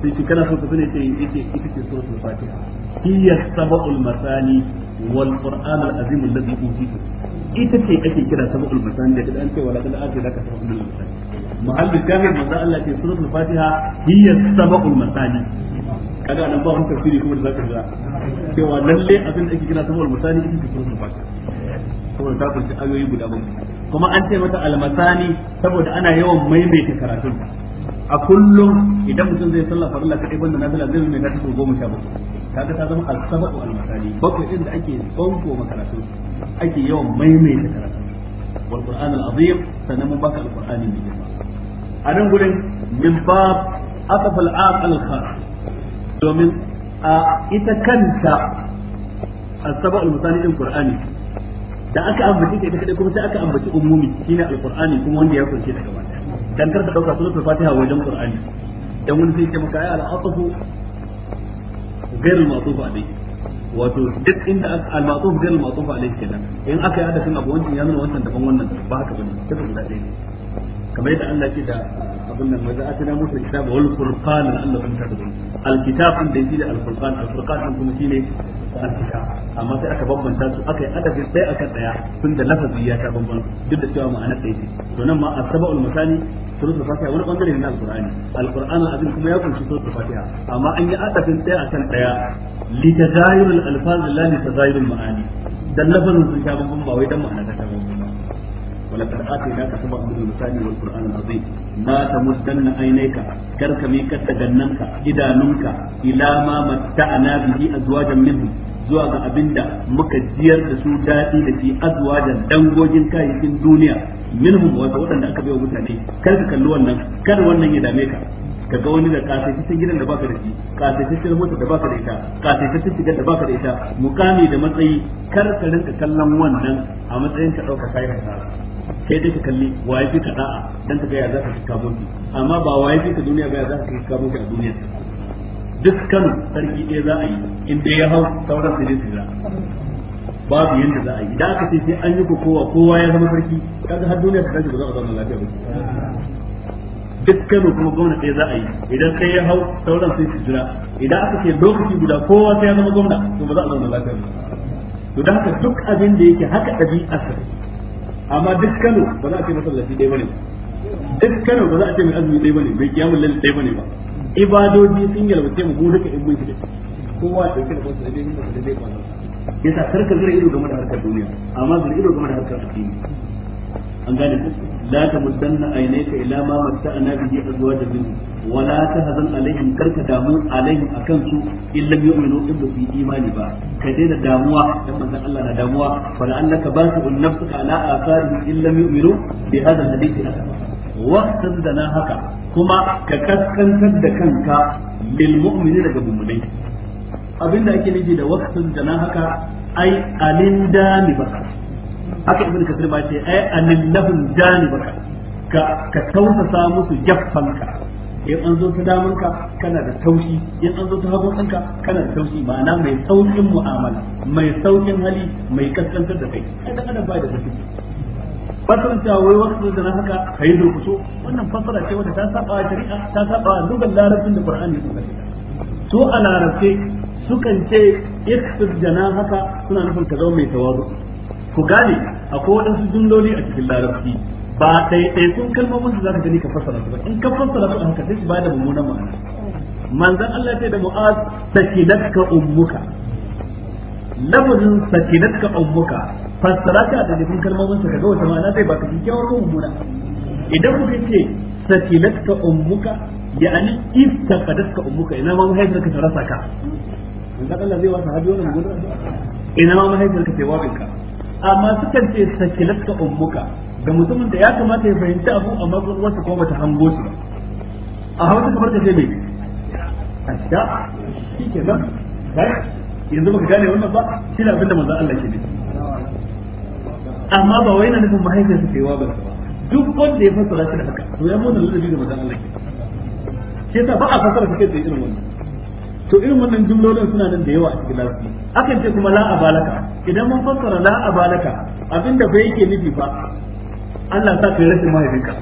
sai ki kana son ka sani sai yace ita ce suratul fatiha hiya sab'ul masani wal qur'an al azim alladhi utitu ita ce ake kira sab'ul masani da kadan ce wala kada ake zaka sab'ul masani mahallin kamil manzo Allah ce suratul fatiha hiya sab'ul masani kaga nan ba wani tafsiri kuma da zaka ga cewa lalle abin da ake kira samuwar misali ita ce saboda ta kunshi ayoyi guda kuma an ce mata almasani saboda ana yawan maimaita karatun a kullum idan mutum zai sallah farilla kadai banda nafila zai mai ta tafi goma sha bakwai kaga ta zama al-sabaqu al-masani bakwai din da ake makaratu ake yawan maimaita karatu wal qur'an al-azim mun baka al-qur'ani ne a nan gurin min bab al al domin ita kanta asaba al-musani din qur'ani da aka ambaci ta ita kadai kuma sai aka ambaci umumi shine al-qur'ani kuma wanda ya kunce daga gaba dan kar ka dauka suratul fatiha wajen qur'ani dan wani sai ce maka ya al-atafu غير المعطوف عليه wato duk inda al-ma'tuf gal al-ma'tuf alayhi kenan in aka yada kan abu wancan ya nuna wancan daban wannan ba haka bane duka guda ɗaya ne kamar yadda Allah ce da abin nan maza atina musu kitaba wal furqan al kitab da yake al furqan al furqan kuma shine al kitab amma sai aka bambanta su aka yi adabi sai aka daya da lafazi ya ta bambanta duk da cewa ma'ana ɗaya ce to nan ma asba'ul matani suratul fatiha wani bangare ne na alqur'ani alqur'an azim kuma ya kunshi suratul fatiha amma an yi adabin ɗaya akan ɗaya litagayurul alfaz lillahi tagayurul ma'ani dan lafazin sun ta bamban ba wai dan ma'ana ta ولقد آتيناك سبعا من المثاني والقرآن العظيم لا تمدن عينيك كركمي تجننك إذا نمك إلى ما متعنا به أزواجا منهم zuwa ga abin da muka jiyar da su daɗi da ke azuwa da dangogin kayayyakin duniya minhum wata waɗanda aka bai mutane kar ka kalli wannan kar wannan ya dame ka ka ga wani da kasaitaccen gidan da baka da shi kasaitaccen mota da baka da ita kasaitaccen shigar da baka da ita mukami da matsayi kar ka rinka kallon wannan a matsayin ka ɗauka kayan hasara sai dai ka kalli waye fi ka da'a dan ka ga ya za ka kika amma ba waye fi ka duniya ba ya za ka kika a duniya duk kan sarki ɗaya za a yi in dai ya hau sauran su dai su babu yadda za a yi da aka ce sai an yi kowa kowa ya zama sarki kaga har duniya ta tashi ba za a zama lafiya ba duk kan kuma gwamna ɗaya za a yi idan sai ya hau sauran sai su jira idan aka ce lokaci guda kowa sai ya zama gwamna to ba za a zama lafiya ba to da haka duk abin da yake haka ɗabi'a sarki amma duk Kano ba za a ce masallaci ɗaya bane duk Kano ba za a ce mai azumi ɗaya bane mai kiyamun lail ɗaya bane ba ibadoji sun yalwace mu mu duka in mun shi kowa da da kansa da dai da dai kwana sa sarka zai ido game da harkar duniya amma zai ido game da harkar addini an gane ku la tamuddanna aynaka ila ma matta'na bihi azwajan minhum wala tahzan alaihim karka damu alaihim akan su illam yu'minu in ba su imani ba ka daina damuwa dan manzon Allah na damuwa fa la'allaka basi'un nafsaka ala atharihim illam yu'minu bi hadha alhadith waqtan da na haka kuma ka kaskantar da kanka lil mu'minina daga mu'minai abinda ake nufi da waqtan da na haka ai alin danibaka haka ibn kasir ma ce ai alin lahum ka ka tausasa musu jaffanka in an zo ta daman ka kana da taushi in an zo ta hagun kana da taushi ma'ana mai saukin mu'amala mai saukin hali mai kaskantar da kai ai da kana bai da ta wai wasu da na haka kai wannan fasara ce wata ta saba shari'a ta saba dukkan larabcin da Qur'ani suka ce su a larabce sukan ce da na haka suna nufin ka zama mai tawazu ku gane akwai waɗansu jumloli a cikin larabci ba sun kalmomin su zaka gani ka fassara su ba in ka fassara su haka sai su bada mummunan ma'ana manzon Allah ya ce da Mu'az sakinatka ummuka lafazin sakinatka ummuka fassara ta da cikin kalmomin sa kaga wata ma'ana zai ka kyakkyawar ko mummuna idan ku ce sakinatka ummuka ya'ani istaqadatka ummuka ina ma mahaifiyarka ta rasa ka manzon Allah zai wasa hadiyo nan gudu ina ma mahaifiyarka ta wabinka amma sukan ce sakinatka ummuka da mutumin da ya kamata ya fahimci abu amma wasu kuma bata hango shi ba a hausa kamar ka ce mai asha shi ke nan yanzu baka gane wannan ba shi na abinda manzo Allah ke nufi amma ba wai na nufin mahaifiyar su kaiwa ba duk wanda ya fassara shi da haka to ya da ladabi da manzo Allah ke sa ba a fassara kake da irin wannan to irin wannan jumlolin suna nan da yawa a cikin lafi akan ce kuma la abalaka idan mun fassara la abalaka abinda bai yake nufi ba. Allah sa ka yi rashin mahaifinka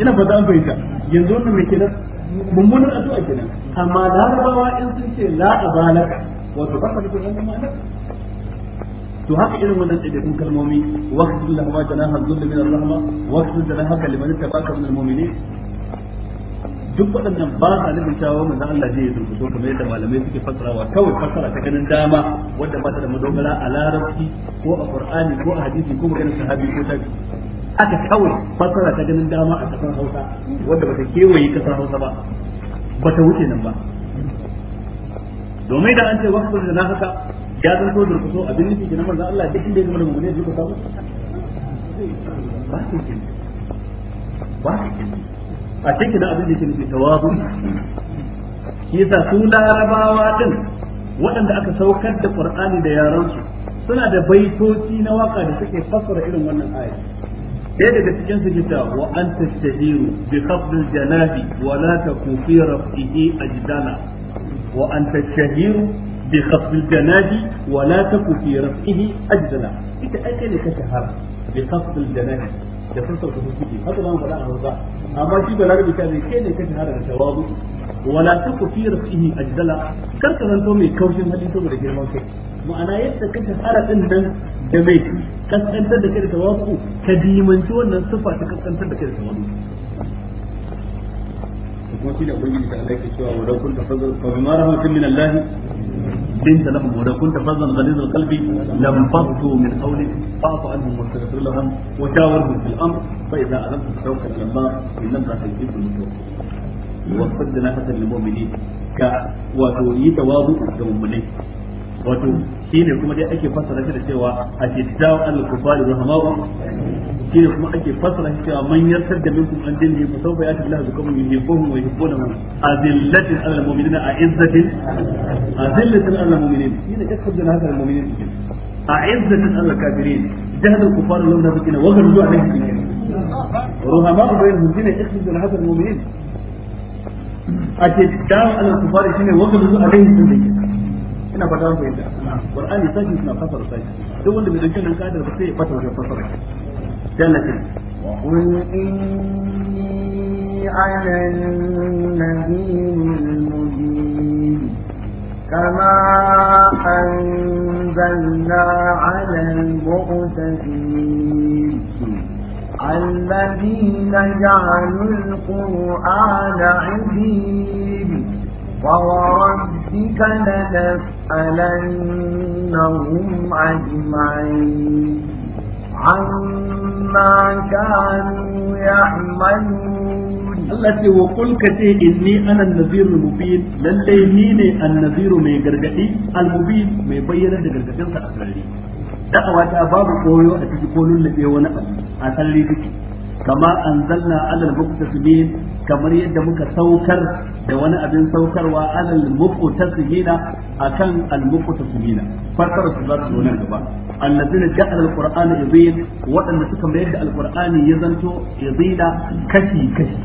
ina fata an fahimta yanzu wannan mai kenan mummunan addu'a kenan amma larabawa in sun ce la abalaka wato ba ka da kullum ma'ana to haka irin wannan ɗaiɗaikun kalmomi waqtul lahu jana janaha dhulli min ar-rahma waqtul janaha liman tabaka min al duk waɗannan ba a nufin cewa manzon Allah zai yi durkuso kamar yadda malamai suke fassarawa kawai fassara ta ganin dama wanda ba ta da madogara a larabci ko a qur'ani ko a hadisi ko maganar sahabi ko tabi aka kawai fassara ta ganin dama a kasar Hausa wanda ba ta kewaye kasar Hausa ba ba ta wuce nan ba domin da an ce wasu da na haka ya zan so durkuso abin nufi kenan manzon Allah duk inda ya gama da mummune ya durkusa ba su ba su ba a cikin abin da ke nufi tawazu yasa su larabawa din waɗanda aka saukar da qur'ani da yaran su suna da baitoci na waka da suke fassara irin wannan aya ɗaya daga cikin su kita wa anta shahiru bi qabdil janabi wa la takufi rafihi ajdana wa anta shahiru bi qabdil janabi wa la takufi rafihi ajdana ita ake ne ka shahara bi qabdil janabi da kan sauka su suke haka zamu faɗa a Hausa amma shi da larabi ta zai kai ne ka shahara da tawazu wala ta taku fi rafihi ajdala kar ka zanto mai kaushin hali saboda girman kai ma'ana yadda ka shahara din nan da mai kaskantar da kai da tawazu ka dimanci wannan sifa ta kaskantar da kai da tawazu kuma shi ne ubangiji ta Allah ke cewa wa rabbul tafazzal fa bima rahmatin min Allah بنت لهم ولو كنت فظا غليظ القلب لانفضوا من حولك فاعف عنهم واستغفر لهم وشاورهم في الامر فاذا علمت فتوكل على الله ان الله سيجيب المتوكل وصدنا حسن للمؤمنين ka wato yi tawazu ga mummunai wato ne kuma dai ake fassara shi da cewa ashiddau al kufari rahamau shine kuma ake fassara shi cewa man yartar da minkum an dinni fa sawfa yati Allah bi qawmin yuhibbuhum wa yuhibbunahu azillatin al mu'minina a'izzatin azillatin al mu'minin shine kasab da haka al mu'minin a'izzatin al kafirin jahal al kufari law na bikina wa ghadu alaihim rahamau bainahum shine kasab da haka al mu'minin أتدعو على الكفار شنو وقبضوا عليهم في ina fata ku yadda qur'ani sashi na fasara sai duk wanda bai dauki nan kadar ba sai ya fata wajen fasara jannatin qul inni ana an-nabiyyu كما أنزلنا على المقتدين الذين جعلوا القرآن عزيزا فوربك لنسألنهم أجمعين عما كانوا يعملون التي وقل كتي إني أنا النذير المبين للي نيني النذير من قرقتي المبين من بيّنة قرقتين سأسرلي دعوة أباب قويو أتجي قولون لبيونا أسرلي بكي kama anzalna alal muktasibin kamar yadda muka saukar da wani abin saukarwa alal muktasibina akan al muktasibina fasar su za su nan gaba allazina ja'al alqur'ana yadin wadanda suka mayar da alqur'ani ya zanto yadida kashi kashi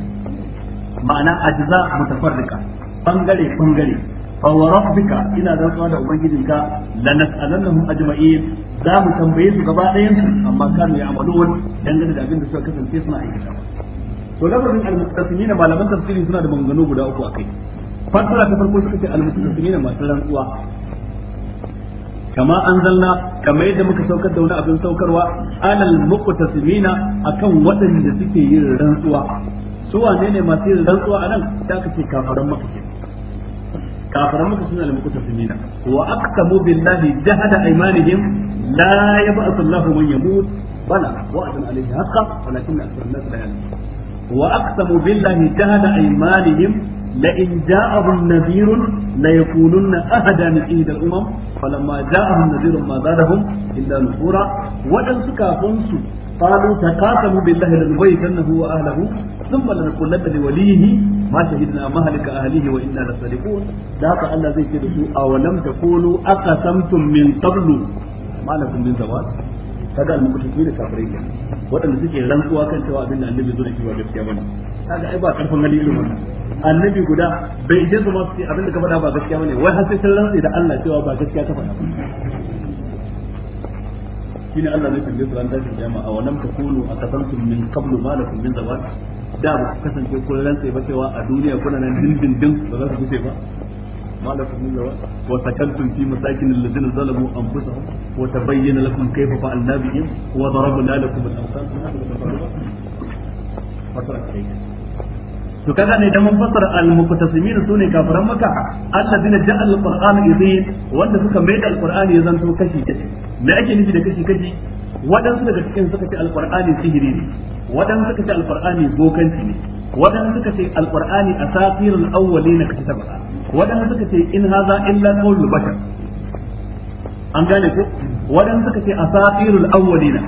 ma'ana ajza mutafarrika bangare bangare fa wa rabbika ina rantsuwa da ubangijinka lanas'alannahum ajma'in za mu tambaye su gaba ɗayan su amma kan ya amalu dangane da abin da suka kasance suna aikata to lafazin al-mustasimin malaman tafsiri suna da maganganu guda uku akai fassara ta farko suka ce al-mustasimin masu rantsuwa kama anzalna kamar yadda muka saukar da wani abin saukarwa alal muqtasimina akan waɗanda suke yin rantsuwa su wane ne masu yin rantsuwa anan da aka ce kafaran maka kafaran maka suna lamu kusurfimina wa aqsamu billahi jahada aymanihim la yab'athu Allahu man yamut bala wa'adan alayhi haqqan walakin akthar an-nas la ya'lamun wa aqsamu billahi jahada aymanihim لئن جاءهم نذير da أهدى من عيد الأمم فلما جاءهم نذير ما زادهم إلا نفورا suka سكافون قالوا تقاسموا بالله لنبيتنه واهله ثم لنقولن لوليه ما شهدنا مهلك اهله وانا لصادقون ذاك الله زي كده اولم تقولوا اقسمتم من قبل ما لكم من زواج kaga almukutufi da kafirai ne waɗanda suke rantsuwa kan cewa abin da annabi zuwa kiwa gaskiya bane kaga ai ba karfin hali irin annabi guda bai je su ma su abin da ka faɗa ba gaskiya bane wai har sai sun rantsi da Allah cewa ba gaskiya shine Allah zai tambaye su ran tashin kiyama a kasar takunu akasantum min qablu ma lakum min zawal da ba ku kasance kun rantsa ba cewa a duniya kuna nan dindindin ba za ku gushe ba ما لكم من زواج وسكنتم في مساكن الذين ظلموا انفسهم وتبين لكم كيف فعلنا بهم وضربنا لكم الامثال فترك عليكم to kaga ne da mun fassara al-muqtasimin sune kafiran maka alladina ja'al al-qur'ana idin wanda suka mai da al-qur'ani ya zanto kashi kashi me ake nufi da kashi kashi wadansu daga cikin suka ce al-qur'ani sihiri ne wadansu suka ce al-qur'ani bokanci ne wadansu suka ce al-qur'ani asatirul awwalin kataba wadansu suka ce in hadha illa qawlul bashar an gane ko wadansu suka ce asatirul awwalin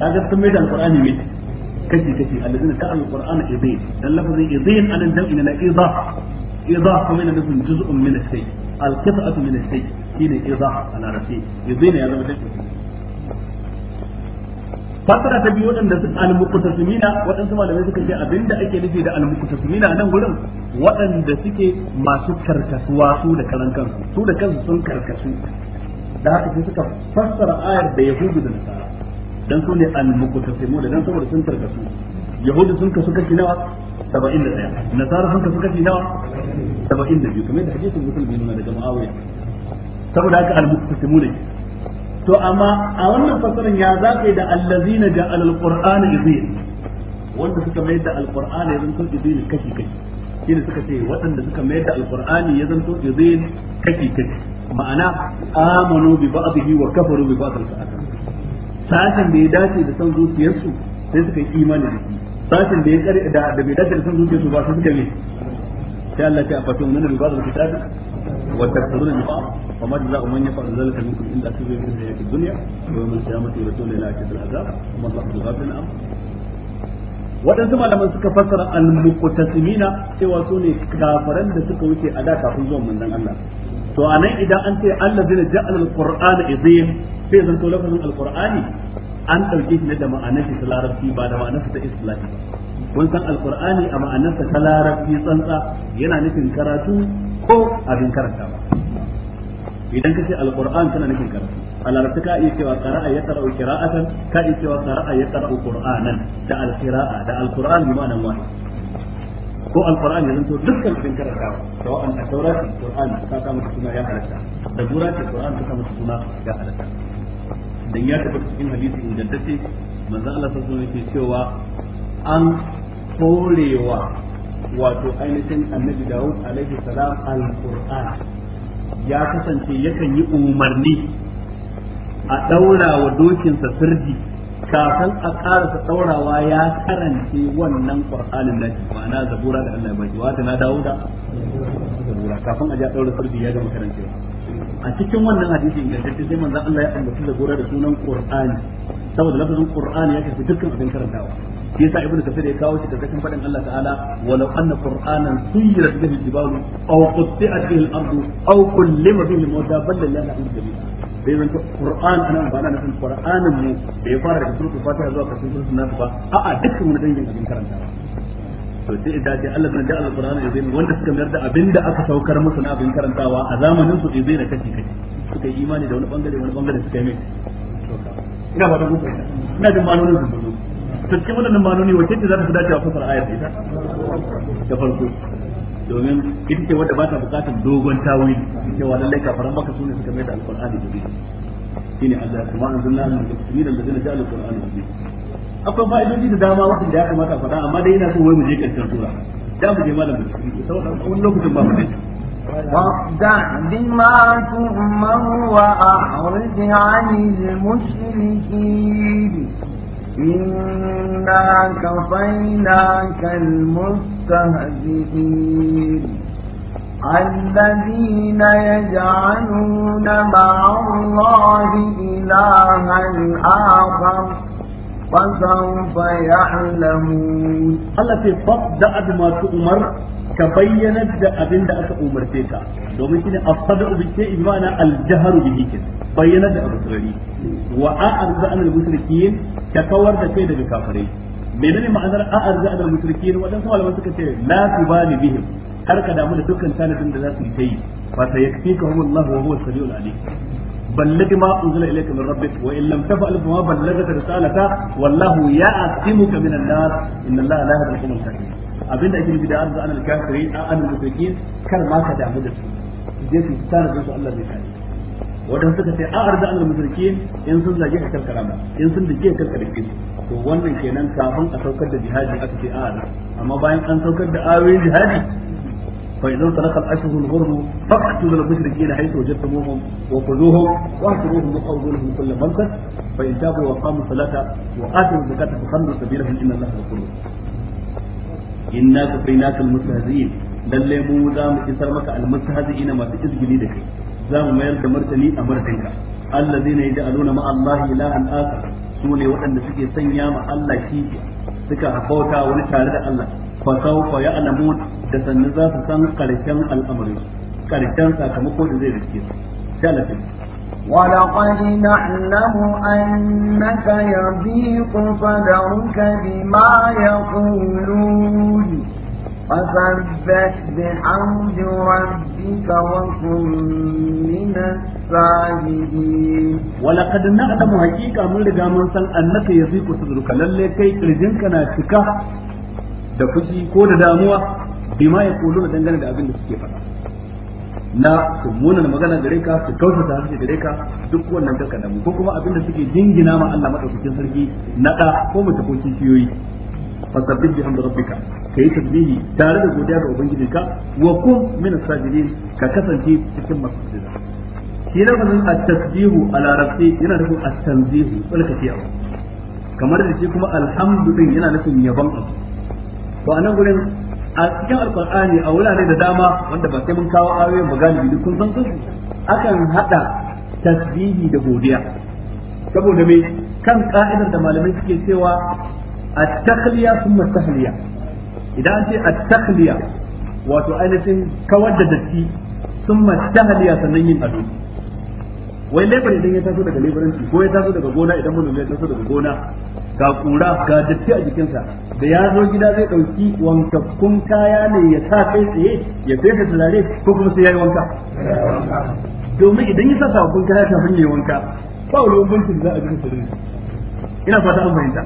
kaga sun mai da al-qur'ani mai kashi kashi alladina ta'al qur'ana idin dan lafazin idin anan jam'i na idaha idaha kuma yana nufin juz'un min al-shay al-qit'atu min al-shay shine idaha a ya zama fasara ta biyu waɗanda su al waɗansu malamai suka ce abinda ake nufi da al nan gurin waɗanda suke masu karkasuwa su da karan kansu su da kansu sun karkasu da haka sai suka fassara ayar da yahudu da nasara dan su ne al-muqtasimu da dan saboda sun tarkasu Yahudi sun kasu kashi nawa 71 nasara sun kasu kashi nawa 72 kamar da hadisin musulmi nuna daga muawiya saboda haka al-muqtasimu ne to amma a wannan fasarin ya za ka yi da allazina ja'al al-qur'ana izin wanda suka mayar da al-qur'ana yanzu sun izin kashi kashi shine suka ce waɗanda suka mayar da al-qur'ani ya zanto izin kashi kashi ma'ana amanu bi ba'dihi wa kafaru bi ba'd al-akhar sashin da ya dace da san zuciyarsu sai suka yi imani da shi sashin da ya kare da da bai dace da san zuciyarsu ba sai suka yi sai Allah ya fata mun nabi bazal kitabi wa tafsirun bi ba'd wa ma jazaa'u man yaf'alu dhalika minkum illa khizyun fil hayatid dunya wa yawm al-qiyamati la ila ashadil azab Kuma man ta ghafilun am waɗansu malaman suka fassara al-muqtasimina cewa su ne kafaran da suka wuce a da kafin zuwan manzon Allah to anan idan an ce Allah allazina ja'ala al-qur'ana izin sai tola kuma alqur'ani an dauke shi da ma'anar shi ta larabci ba da ma'anar ta islami kun san alqur'ani a ma'anar ta larabci tsantsa yana nufin karatu ko abin karanta ba. idan ka alqur'an kana nufin karatu a larabci ka iya cewa qara'a ya qara'u qira'atan ka iya cewa qara'a ya qara'u qur'anan da alqira'a da alqur'an bi ma'anar wahid ko alquran ya zanto dukkan abin karanta ba, to an a taurati qur'ani ta kama suna ya halatta da gurati qur'ani ta kama suna ya halatta dan ya tabbata cikin hadisi ingantacce manzon Allah sallallahu alaihi wasallam cewa an korewa wato ainihin annabi Dawud alaihi salam al-Qur'an ya kasance yakan yi umarni a daura wa dokinsa sirdi kafin a ƙara ƙarasa daurawa ya karance wannan Qur'anin da shi ma'ana zabura da Allah ya baki wata na Dawuda zabura kafin a ja daura sirdi ya gama karancewa a cikin wannan hadisi ingantacce sai manzon Allah ya ambaci da gora da sunan Qur'ani saboda lafazin Qur'ani ya tafi dukkan abin karantawa shi yasa ibnu kafir ya kawo shi da cikin fadin Allah ta'ala walau anna qur'anan suyirat bihi al-jibalu aw qutti'at bihi al-ardu aw kullima bihi al-mawta bal lillahi al sai zan Qur'an ana ba na san Qur'anin mu da ya fara daga suratul Fatiha zuwa karshen surutu Nas ba a'a dukkan wani dangin abin karantawa to sai idan dai Allah sanar da wanda suka mayar da abinda aka saukar musu na abin karantawa a zamanin su izin da kashi kashi suka yi imani da wani bangare wani bangare suka yi mai ina ba gufa ina jin su to cikin wace ce za ta dace a fasar ayar ita da farko domin ita ce wadda ba ta bukatar dogon tawili cewa lallai kafaran maka sune suka da da shine Allah kuma al akwai fa'idoji da dama wanda ya kamata a faɗa amma dai ina so wai mu je karshen sura da mu je malam bincike saboda wani lokacin ba mu da واصدع بما تؤمر وأعرض عن المشركين إنا كفيناك المستهزئين الذين يجعلون مع الله إلها آخر فسوف يعلمون التي فضع بما تؤمر كبين أبن دعك أمر تيكا دومين كنا أفضع بالشيء بمعنى الجهر به كنا بين أبو سرني وأعرض عن المشركين ككور دكي دك menene ma'anar a'arza da musulkin wadansu malaman suka ce la tubali bihim har ka damu da dukkan tanadin da za su yi ta yi fa sayakfika humullahu wa huwa samiul alim بلغ ما أنزل إليك من ربك وإن لم تفعل فما بلغت رسالته والله يعصمك من الله لا يهدي القوم الكافرين abinda ake nufi da arzu an alkafiri an an kar ma ka damu da su je su tsara da su Allah zai kare wadanda suka ce a arzu in sun zage ka karkara ba in sun dake ka karkara ki to wannan kenan kafin a saukar da jihadi aka ce a amma bayan an saukar da ayoyin jihadi فإذا انطلق الأشهر الغرم فاقتلوا المشركين حيث وجدتموهم وخذوهم واحصروهم وقولوا كل منطق فإن تابوا الصلاة وآتوا الزكاة فخلوا سبيلهم إن الله إنا كفيناك المستهزئين masu izgili da kai za mayar da martani a martinka allazina yaj'aluna ma Allah ilahan akhar sune waɗanda suke sanya ma Allah bauta wani tare da Allah فسوف يعلمون da sannu za su san karshen al'amarin karshen sakamako da zai rike su shalafin ولقد نعلم أنك يضيق صدرك بما يقولون فسبح بحمد ربك وكن من الساجدين ولقد نعلم حقيقة من رجال من أنك يضيق صدرك للي كي ترجنك ناتكه da fushi ko da damuwa bima ya kulu dangane da abin da suke faɗa na su munana magana gare ka su kautata harshe gare ka duk wannan kanka damu ko kuma abin da suke jingina ma Allah madaukakin sarki na da ko mace ko kishiyoyi fasabbih bihamdi rabbika kai tasbihi tare da godiya ga ubangijinka wa kum min as-sajidin ka kasance cikin masu sujada shi lafazin at-tasbihu ala rabbi yana nufin at-tanzihu tsalkaciyawa kamar da shi kuma alhamdu yana nufin yabon abu to anan gurin a cikin alqur'ani a wurare da dama wanda ba sai mun kawo ayoyin ba galibi duk kun san su akan hada tasbihi da godiya saboda me kan ka'idar da malamai suke cewa at-takhliya thumma tahliya idan an ce at-takhliya wato ainihin kawar da datti thumma tahliya sannan yin ado wai lebar idan ya taso daga lebaranci ko ya taso daga gona idan manomi ya taso daga gona ga kura ga datti a jikinsa da ya zo gida zai ɗauki wankakkun kaya ne ya sa kai tsaye ya fesa turare ko kuma sai ya yi wanka domin idan ya sa sababbin kaya kafin ya yi wanka ba wani bambancin za a jikin sirri ina fata an fahimta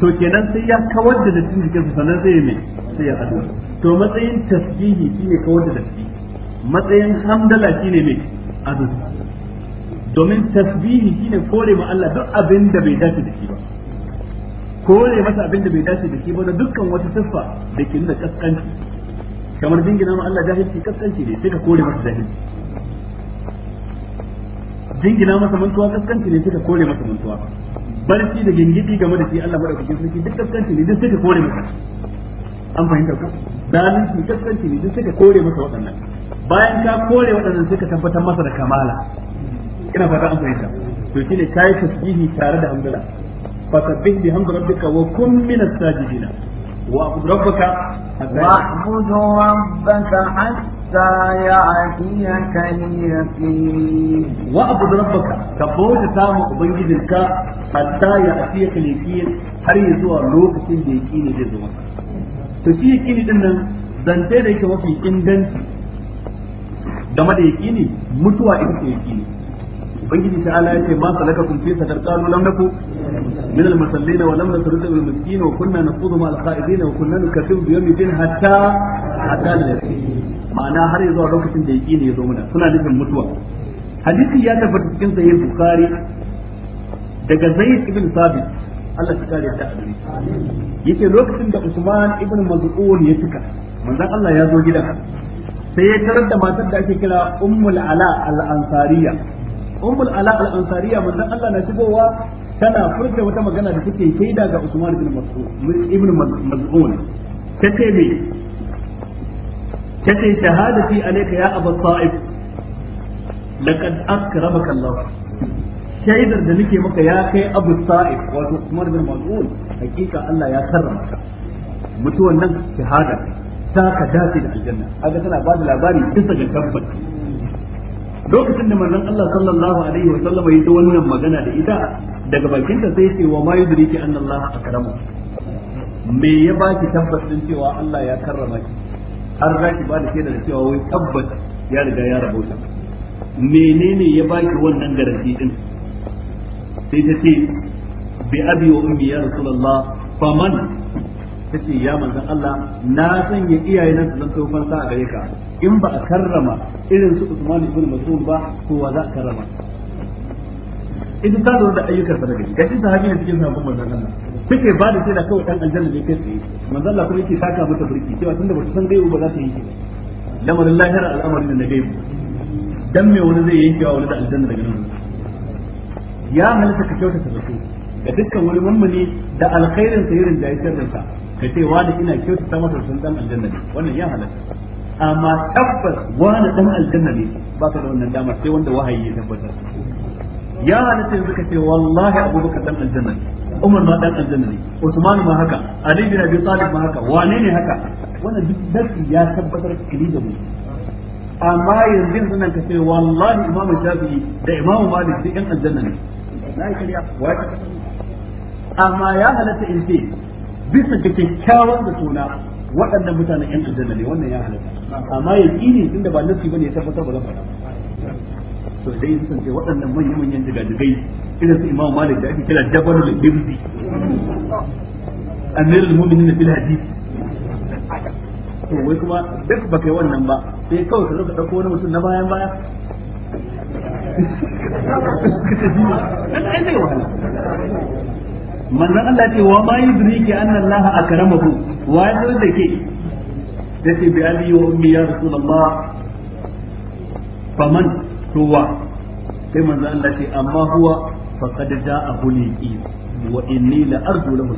to kenan sai ya kawar da dattin jikinsa sannan sai ya mai sai ya ado to matsayin tasbihi shine kawar da datti matsayin hamdala shine mai azuzu domin tasbihi shine kore ma Allah duk abin da bai dace da shi kore masa abin da bai dace da shi ba da dukkan wata siffa da ke nuna kaskanci kamar dingina ma Allah jahilci kaskanci ne sai ka kore masa jahilci dingina masa mantuwa kaskanci ne sai ka kore masa mantuwa barci da gingidi game da shi Allah madaukakin sarki duk kaskanci ne duk sai ka kore masa an fahimta ka shi kaskanci ne duk sai ka kore masa waɗannan bayan ka kore waɗannan sai ka tabbatar masa da kamala ina fata an fahimta to shine kai tasbihi tare da hamdala فسبح بحمد ربك وكن من الساجدين واعبد ربك واعبد ربك حتى يأتيك اليقين واعبد ربك كبوت تام أبنجدك حتى يأتيك اليقين هل يزوى لوكس اليقين جزوى تشي يقين إنن zance da yake mafi inganci game da yaƙini mutuwa ita ce yaƙini ubangiji ta ala yace ma salaka kun fi sadar qalu lam naku من المصلين ولم نسرد المسكين وكنا نخوض مع القائدين وكنا نكذب بيوم الدين حتى حتى اليقين ma'ana har yanzu a lokacin da yaqini ya zo mana suna nufin mutuwa hadisi ya tabbata cikin sahih bukhari daga zaid ibn sabit Allah ya kare ta adari yace lokacin da usman ibn maz'un ya tuka manzon Allah ya zo gidan sai ya tarar da matar da ake kira ummul ala ala Allah na shigowa tana furta wata magana da take shaida ga Usman ibn Mas'ud ibn Mas'ud tace me tace shahadati alayka ya Abu Sa'ib laqad akramaka Allah shaidar da nake maka ya kai Abu Sa'ib wato Usman ibn Mas'ud hakika Allah ya karrama ka mutuwan nan shahada ta ka dace da aljanna kaga tana ba da labari bisa ga tabbata lokacin da manzon Allah sallallahu alaihi wa sallam ya yi wannan magana da ita daga bakin ta sai ce wa ma yudriki anna Allah akramu me ya ba ki tabbas din cewa Allah ya karrama ki har za ki ba da shaida da cewa wai tabbas ya riga ya rabauta menene ya ba ki wannan garanti din sai ta ce bi abi wa ummi ya rasulullah faman tace ya manzon Allah na sanya iyaye na su zanto fansa a gare ka in ba a karrama irin su Usman ibn Mas'ud ba to wa za a karrama in ta da wanda ayyukan sa da gari gashi sahabi ne cikin kuma manzon Allah take ba da da kawai dan aljanna ne kai tsaye manzon Allah kuma yake taka mata burki cewa tunda ba san gaibu ba za ta yanke lamarin lahira al'amarin na gaibu dan me wani zai yanke wa wani da aljanna daga nan ya halatta ka kyautata zato ga dukkan wani mummuni da alkhairin sa irin da ya sharrinsa ka ce wani ina kyauta ta masa sun dan aljanna ne wannan ya halatta amma tabbas wani dan aljanna ne ba ka da wannan dama sai wanda wahayi ya tabbatar ya halatta yanzu ka ce wallahi abubakar dan aljanna umar ma dan aljanna ne usman ma haka ali bin ma haka wane ne haka wannan duk dasi ya tabbatar kili da mu amma yanzu yanzu nan ka ce wallahi imamu da imamu malik duk yan aljanna ne na yi kariya wace amma ya halatta in ce bisa ga kyakkyawan da waɗannan mutanen yan ne wannan ya amma ba ya tabbatar ba zan to sai ya waɗannan manya-manyan jigajigai irin su malik da ake kira da amirul mu'minin fil hadith to wai kuma duk ba kai wannan ba sai kawai ka zo ka dauko wani mutum na bayan baya ai manzon Allah ce wa ma yudriki anna Allah akramahu wa yadda bi wa ummi ya rasulullah faman ruwa sai manzo Allah ce amma huwa faqad ja'a hulqi wa inni la arju lahu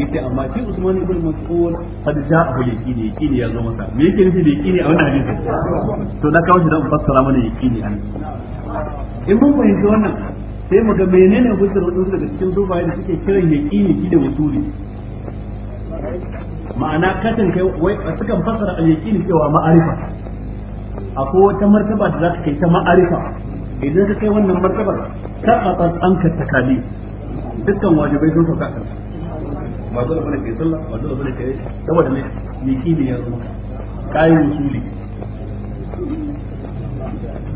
yace amma shi Usman ibn Mas'ud qad ki ne, ki ne ya zo masa me yake nufi da ne a wannan hadisi to na kawo shi dan fassara mana ne an in mun fahimci wannan sai mu ga menene hujjar da daga cikin dubaye da suke kiran ne shi da wuturi ma'ana katin kai wai sukan fassara al-yaqini cewa ma'arifa akwai wata martaba da za ka kai ta ma'arifa idan ka kai wannan martaba ta a qatat anka takali dukkan wajibai sun sauka kan ba da bane kai sallah ba dole bane kai saboda ne yaki ne yanzu kai musuli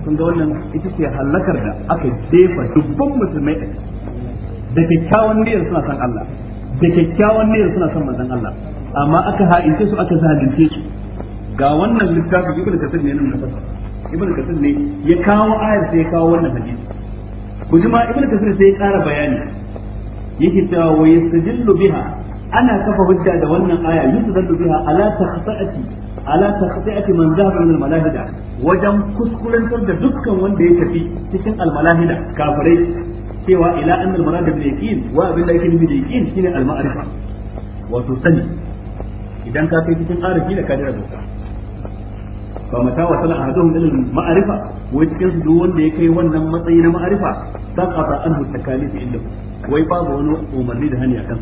kun ga wannan ita ce halakar da aka jefa dubban musulmai a da kyakkyawan niyyar suna san Allah da kyakkyawan niyyar suna san manzon Allah amma aka ha'ince su aka zalunce su ga wannan littafin ibnu kasir ne nan fasa ibnu kasir ne ya kawo ayar sai ya kawo wannan hadisi ku ji ma ibnu kasir sai ya ƙara bayani yake cewa wa yastajillu biha ana kafa hujja da wannan aya yusdallu biha ala takhsa'ati ala takhsa'ati man zahaba min al-malahida wajen kuskurantar da dukkan wanda ya tafi cikin al-malahida kafirai cewa ila anna al-murad bil yaqin wa abin da yake yaqin shine al-ma'rifa wato sani idan ka kai cikin arifi da kadira doka ba mata wa sala ahaduhum ila ma'arifa wai cikin su duk wanda ya kai wannan matsayi na ma'arifa saqata anhu takalif inda wai babu wani umarni da hani akan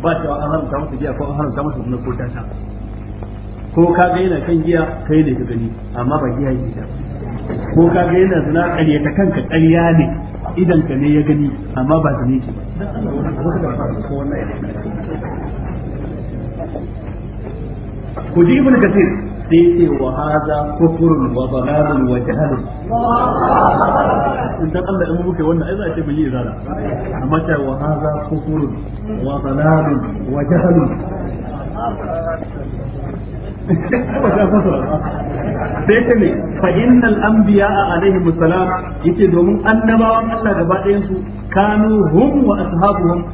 ba cewa an haramta masa giya ko an haramta masa sunan ko tasha ko ka ga yana kan giya kai ne ka gani amma ba giya yake ta ko ka ga yana zina ƙarya ta kanka ƙarya ne idan ka ne ya gani amma ba zane ki ba ku ibn kathir sai ce wa haza kufurun wa dalalun wa jahalun idan Allah in muke wannan ai za a ce bai yi zara amma ta wa haza kufurun wa dalalun wa jahalun sai ta ne fa innal anbiya alaihi musallam yace domin annabawan Allah gaba ɗayan su kanu hum wa ashabuhum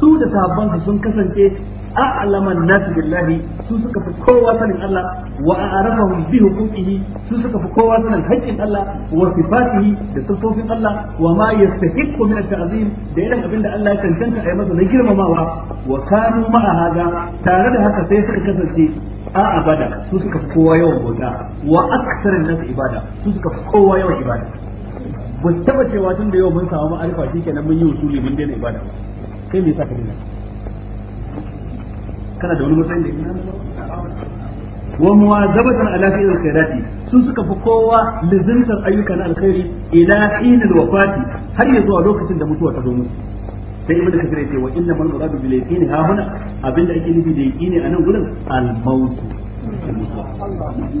su da sahabban sun kasance a'lama an-nas billahi su suka fi kowa sanin Allah wa a'rafahum bi huquqihi su suka fi kowa sanin haƙƙin Allah wa sifatihi da sifofin Allah wa ma yastahiqqu min at-ta'zim da irin abinda da Allah ya cancanta a masa na girmamawa wa kanu ma'a hada tare da haka sai suka kasance a abada su suka fi kowa yawan bauta wa aktsarin nas su suka fi kowa yawan ba taba cewa tun da yau mun samu ma'arifa shikenan mun yi usuli mun daina ibada kai me yasa ka daina kana da wani matsayin da ina wa muwazabatan ala fi'il khairati sun suka fi kowa lizintar ayyuka na alkhairi ila hinil wafati har ya zuwa lokacin da mutuwa ta zo musu sai ibnu kasir yace wa inna mal muradu bil yaqini ha huna abinda ake nufi da yaqini anan gurin al maut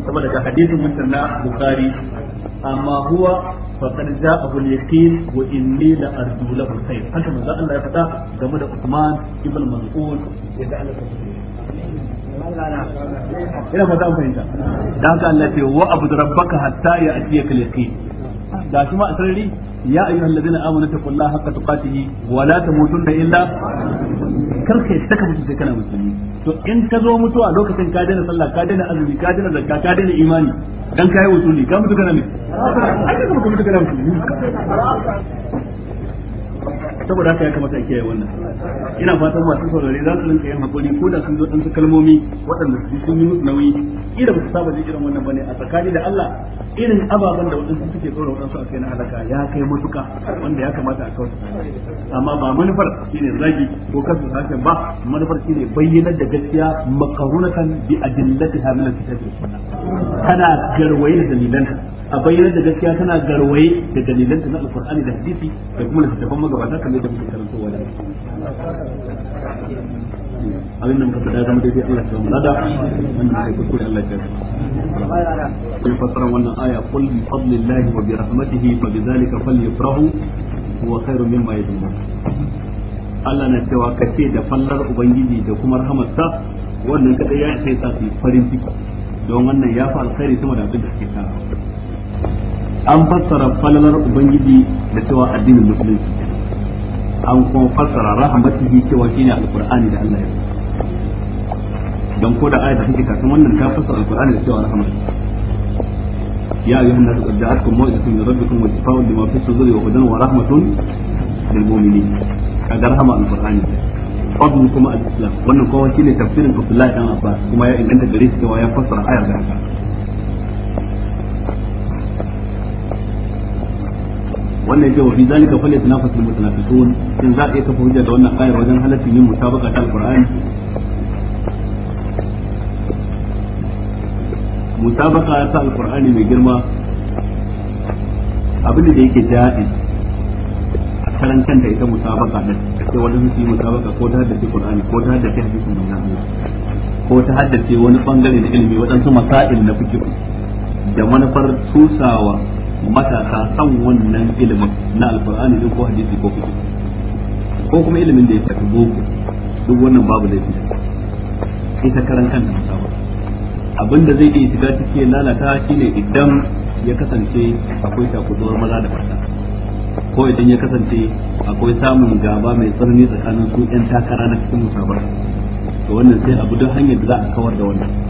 saboda ga hadisin mutum na bukhari amma huwa faqad ja'ahu al-yaqin wa inni la arju lahu khayr haka manzo Allah ya faɗa game da Uthman ibn Mas'ud yadda ta ina fata an fahimta da haka Allah ce wa abu rabbaka hatta ya atiyaka al-yaqin da shi ma asrari ya ayyuhal ladina amanu taqullaha haqqa tuqatih wa la tamutunna illa karka yadda ka mutu sai kana musulmi to in ka zo mutuwa lokacin ka daina sallah ka daina azumi ka daina zakka ka daina imani dan kai wusuli ka mutu kana ne ai ka mutu kana musulmi saboda haka ya kamata a kiyaye wannan ina fatan masu saurare za su rinka yin hakuri ko da sun zo ɗansu kalmomi waɗanda su sun yi musu nauyi irin ba su saba jin irin wannan bane a tsakani da Allah irin ababen da waɗansu suke tsoron waɗansu a kai na halaka ya kai matuka wanda ya kamata a kawo amma ba manufar shine zagi ko kasu hakan ba manufar shine bayyanar da gaskiya makarunatan bi adillatiha min al-kitabi tana garwaye da dalilan a bayyana da gaskiya tana garwaye da dalilan ta na alqur'ani da hadisi da kuma littattafan magabata kamar da muke karanto wa da abin da muka faɗa zama daidai Allah ya mu lada wannan sai kuskure Allah ya kai fassara wannan aya qul bi fadlillahi wa bi rahmatihi fa bi dhalika falyafrahu huwa khairun mimma yajma'un Allah na cewa kace da fallar ubangiji da kuma rahamarsa wannan kadai ya sai sa su farin ciki don wannan ya fi alkhairi sama da abin da suke tara an fassara falalar ubangiji da cewa addinin musulunci an kuma fassara rahmatihi cewa shine alqur'ani da Allah ya dan ko da ayata take kafin wannan ta fassara alqur'ani da cewa rahmat ya ayyuhan nasu qad ja'atkum maw'izatun min rabbikum wa shifaa'un lima fi suduri wa hudan wa rahmatun lil mu'minin kaga rahama alqur'ani fadlu kuma al-islam wannan kowa shine tafsirin Abdullahi dan Abbas kuma ya inganta gare shi cewa ya fassara ayar da haka wannan cewa fi zalika fal yatanafasul mutanafisun in za ka kafa hujja da wannan ayar wajen halaccin yin musabaqa ta alqur'ani musabaqa ta alqur'ani mai girma abin da yake jaiz a karan kanta ita musabaqa da sai wani su yi musabaqa ko ta haddace qur'ani ko ta haddace hadisin manzon Allah ko ta haddace wani bangare na ilimi waɗansu masail na fikihu da manufar susawa matasa san wannan ilimin na alkur'ani din ko hadisi ko kuma ko kuma ilimin da ya tafi boko duk wannan babu laifi ita karan kan da musamman abinda zai iya shiga cikin lalata shine idan ya kasance akwai takuzuwar maza da mata ko idan ya kasance akwai samun gaba mai tsarni tsakanin su yan takara na cikin musabar to wannan sai abu duk hanyar da za a kawar da wannan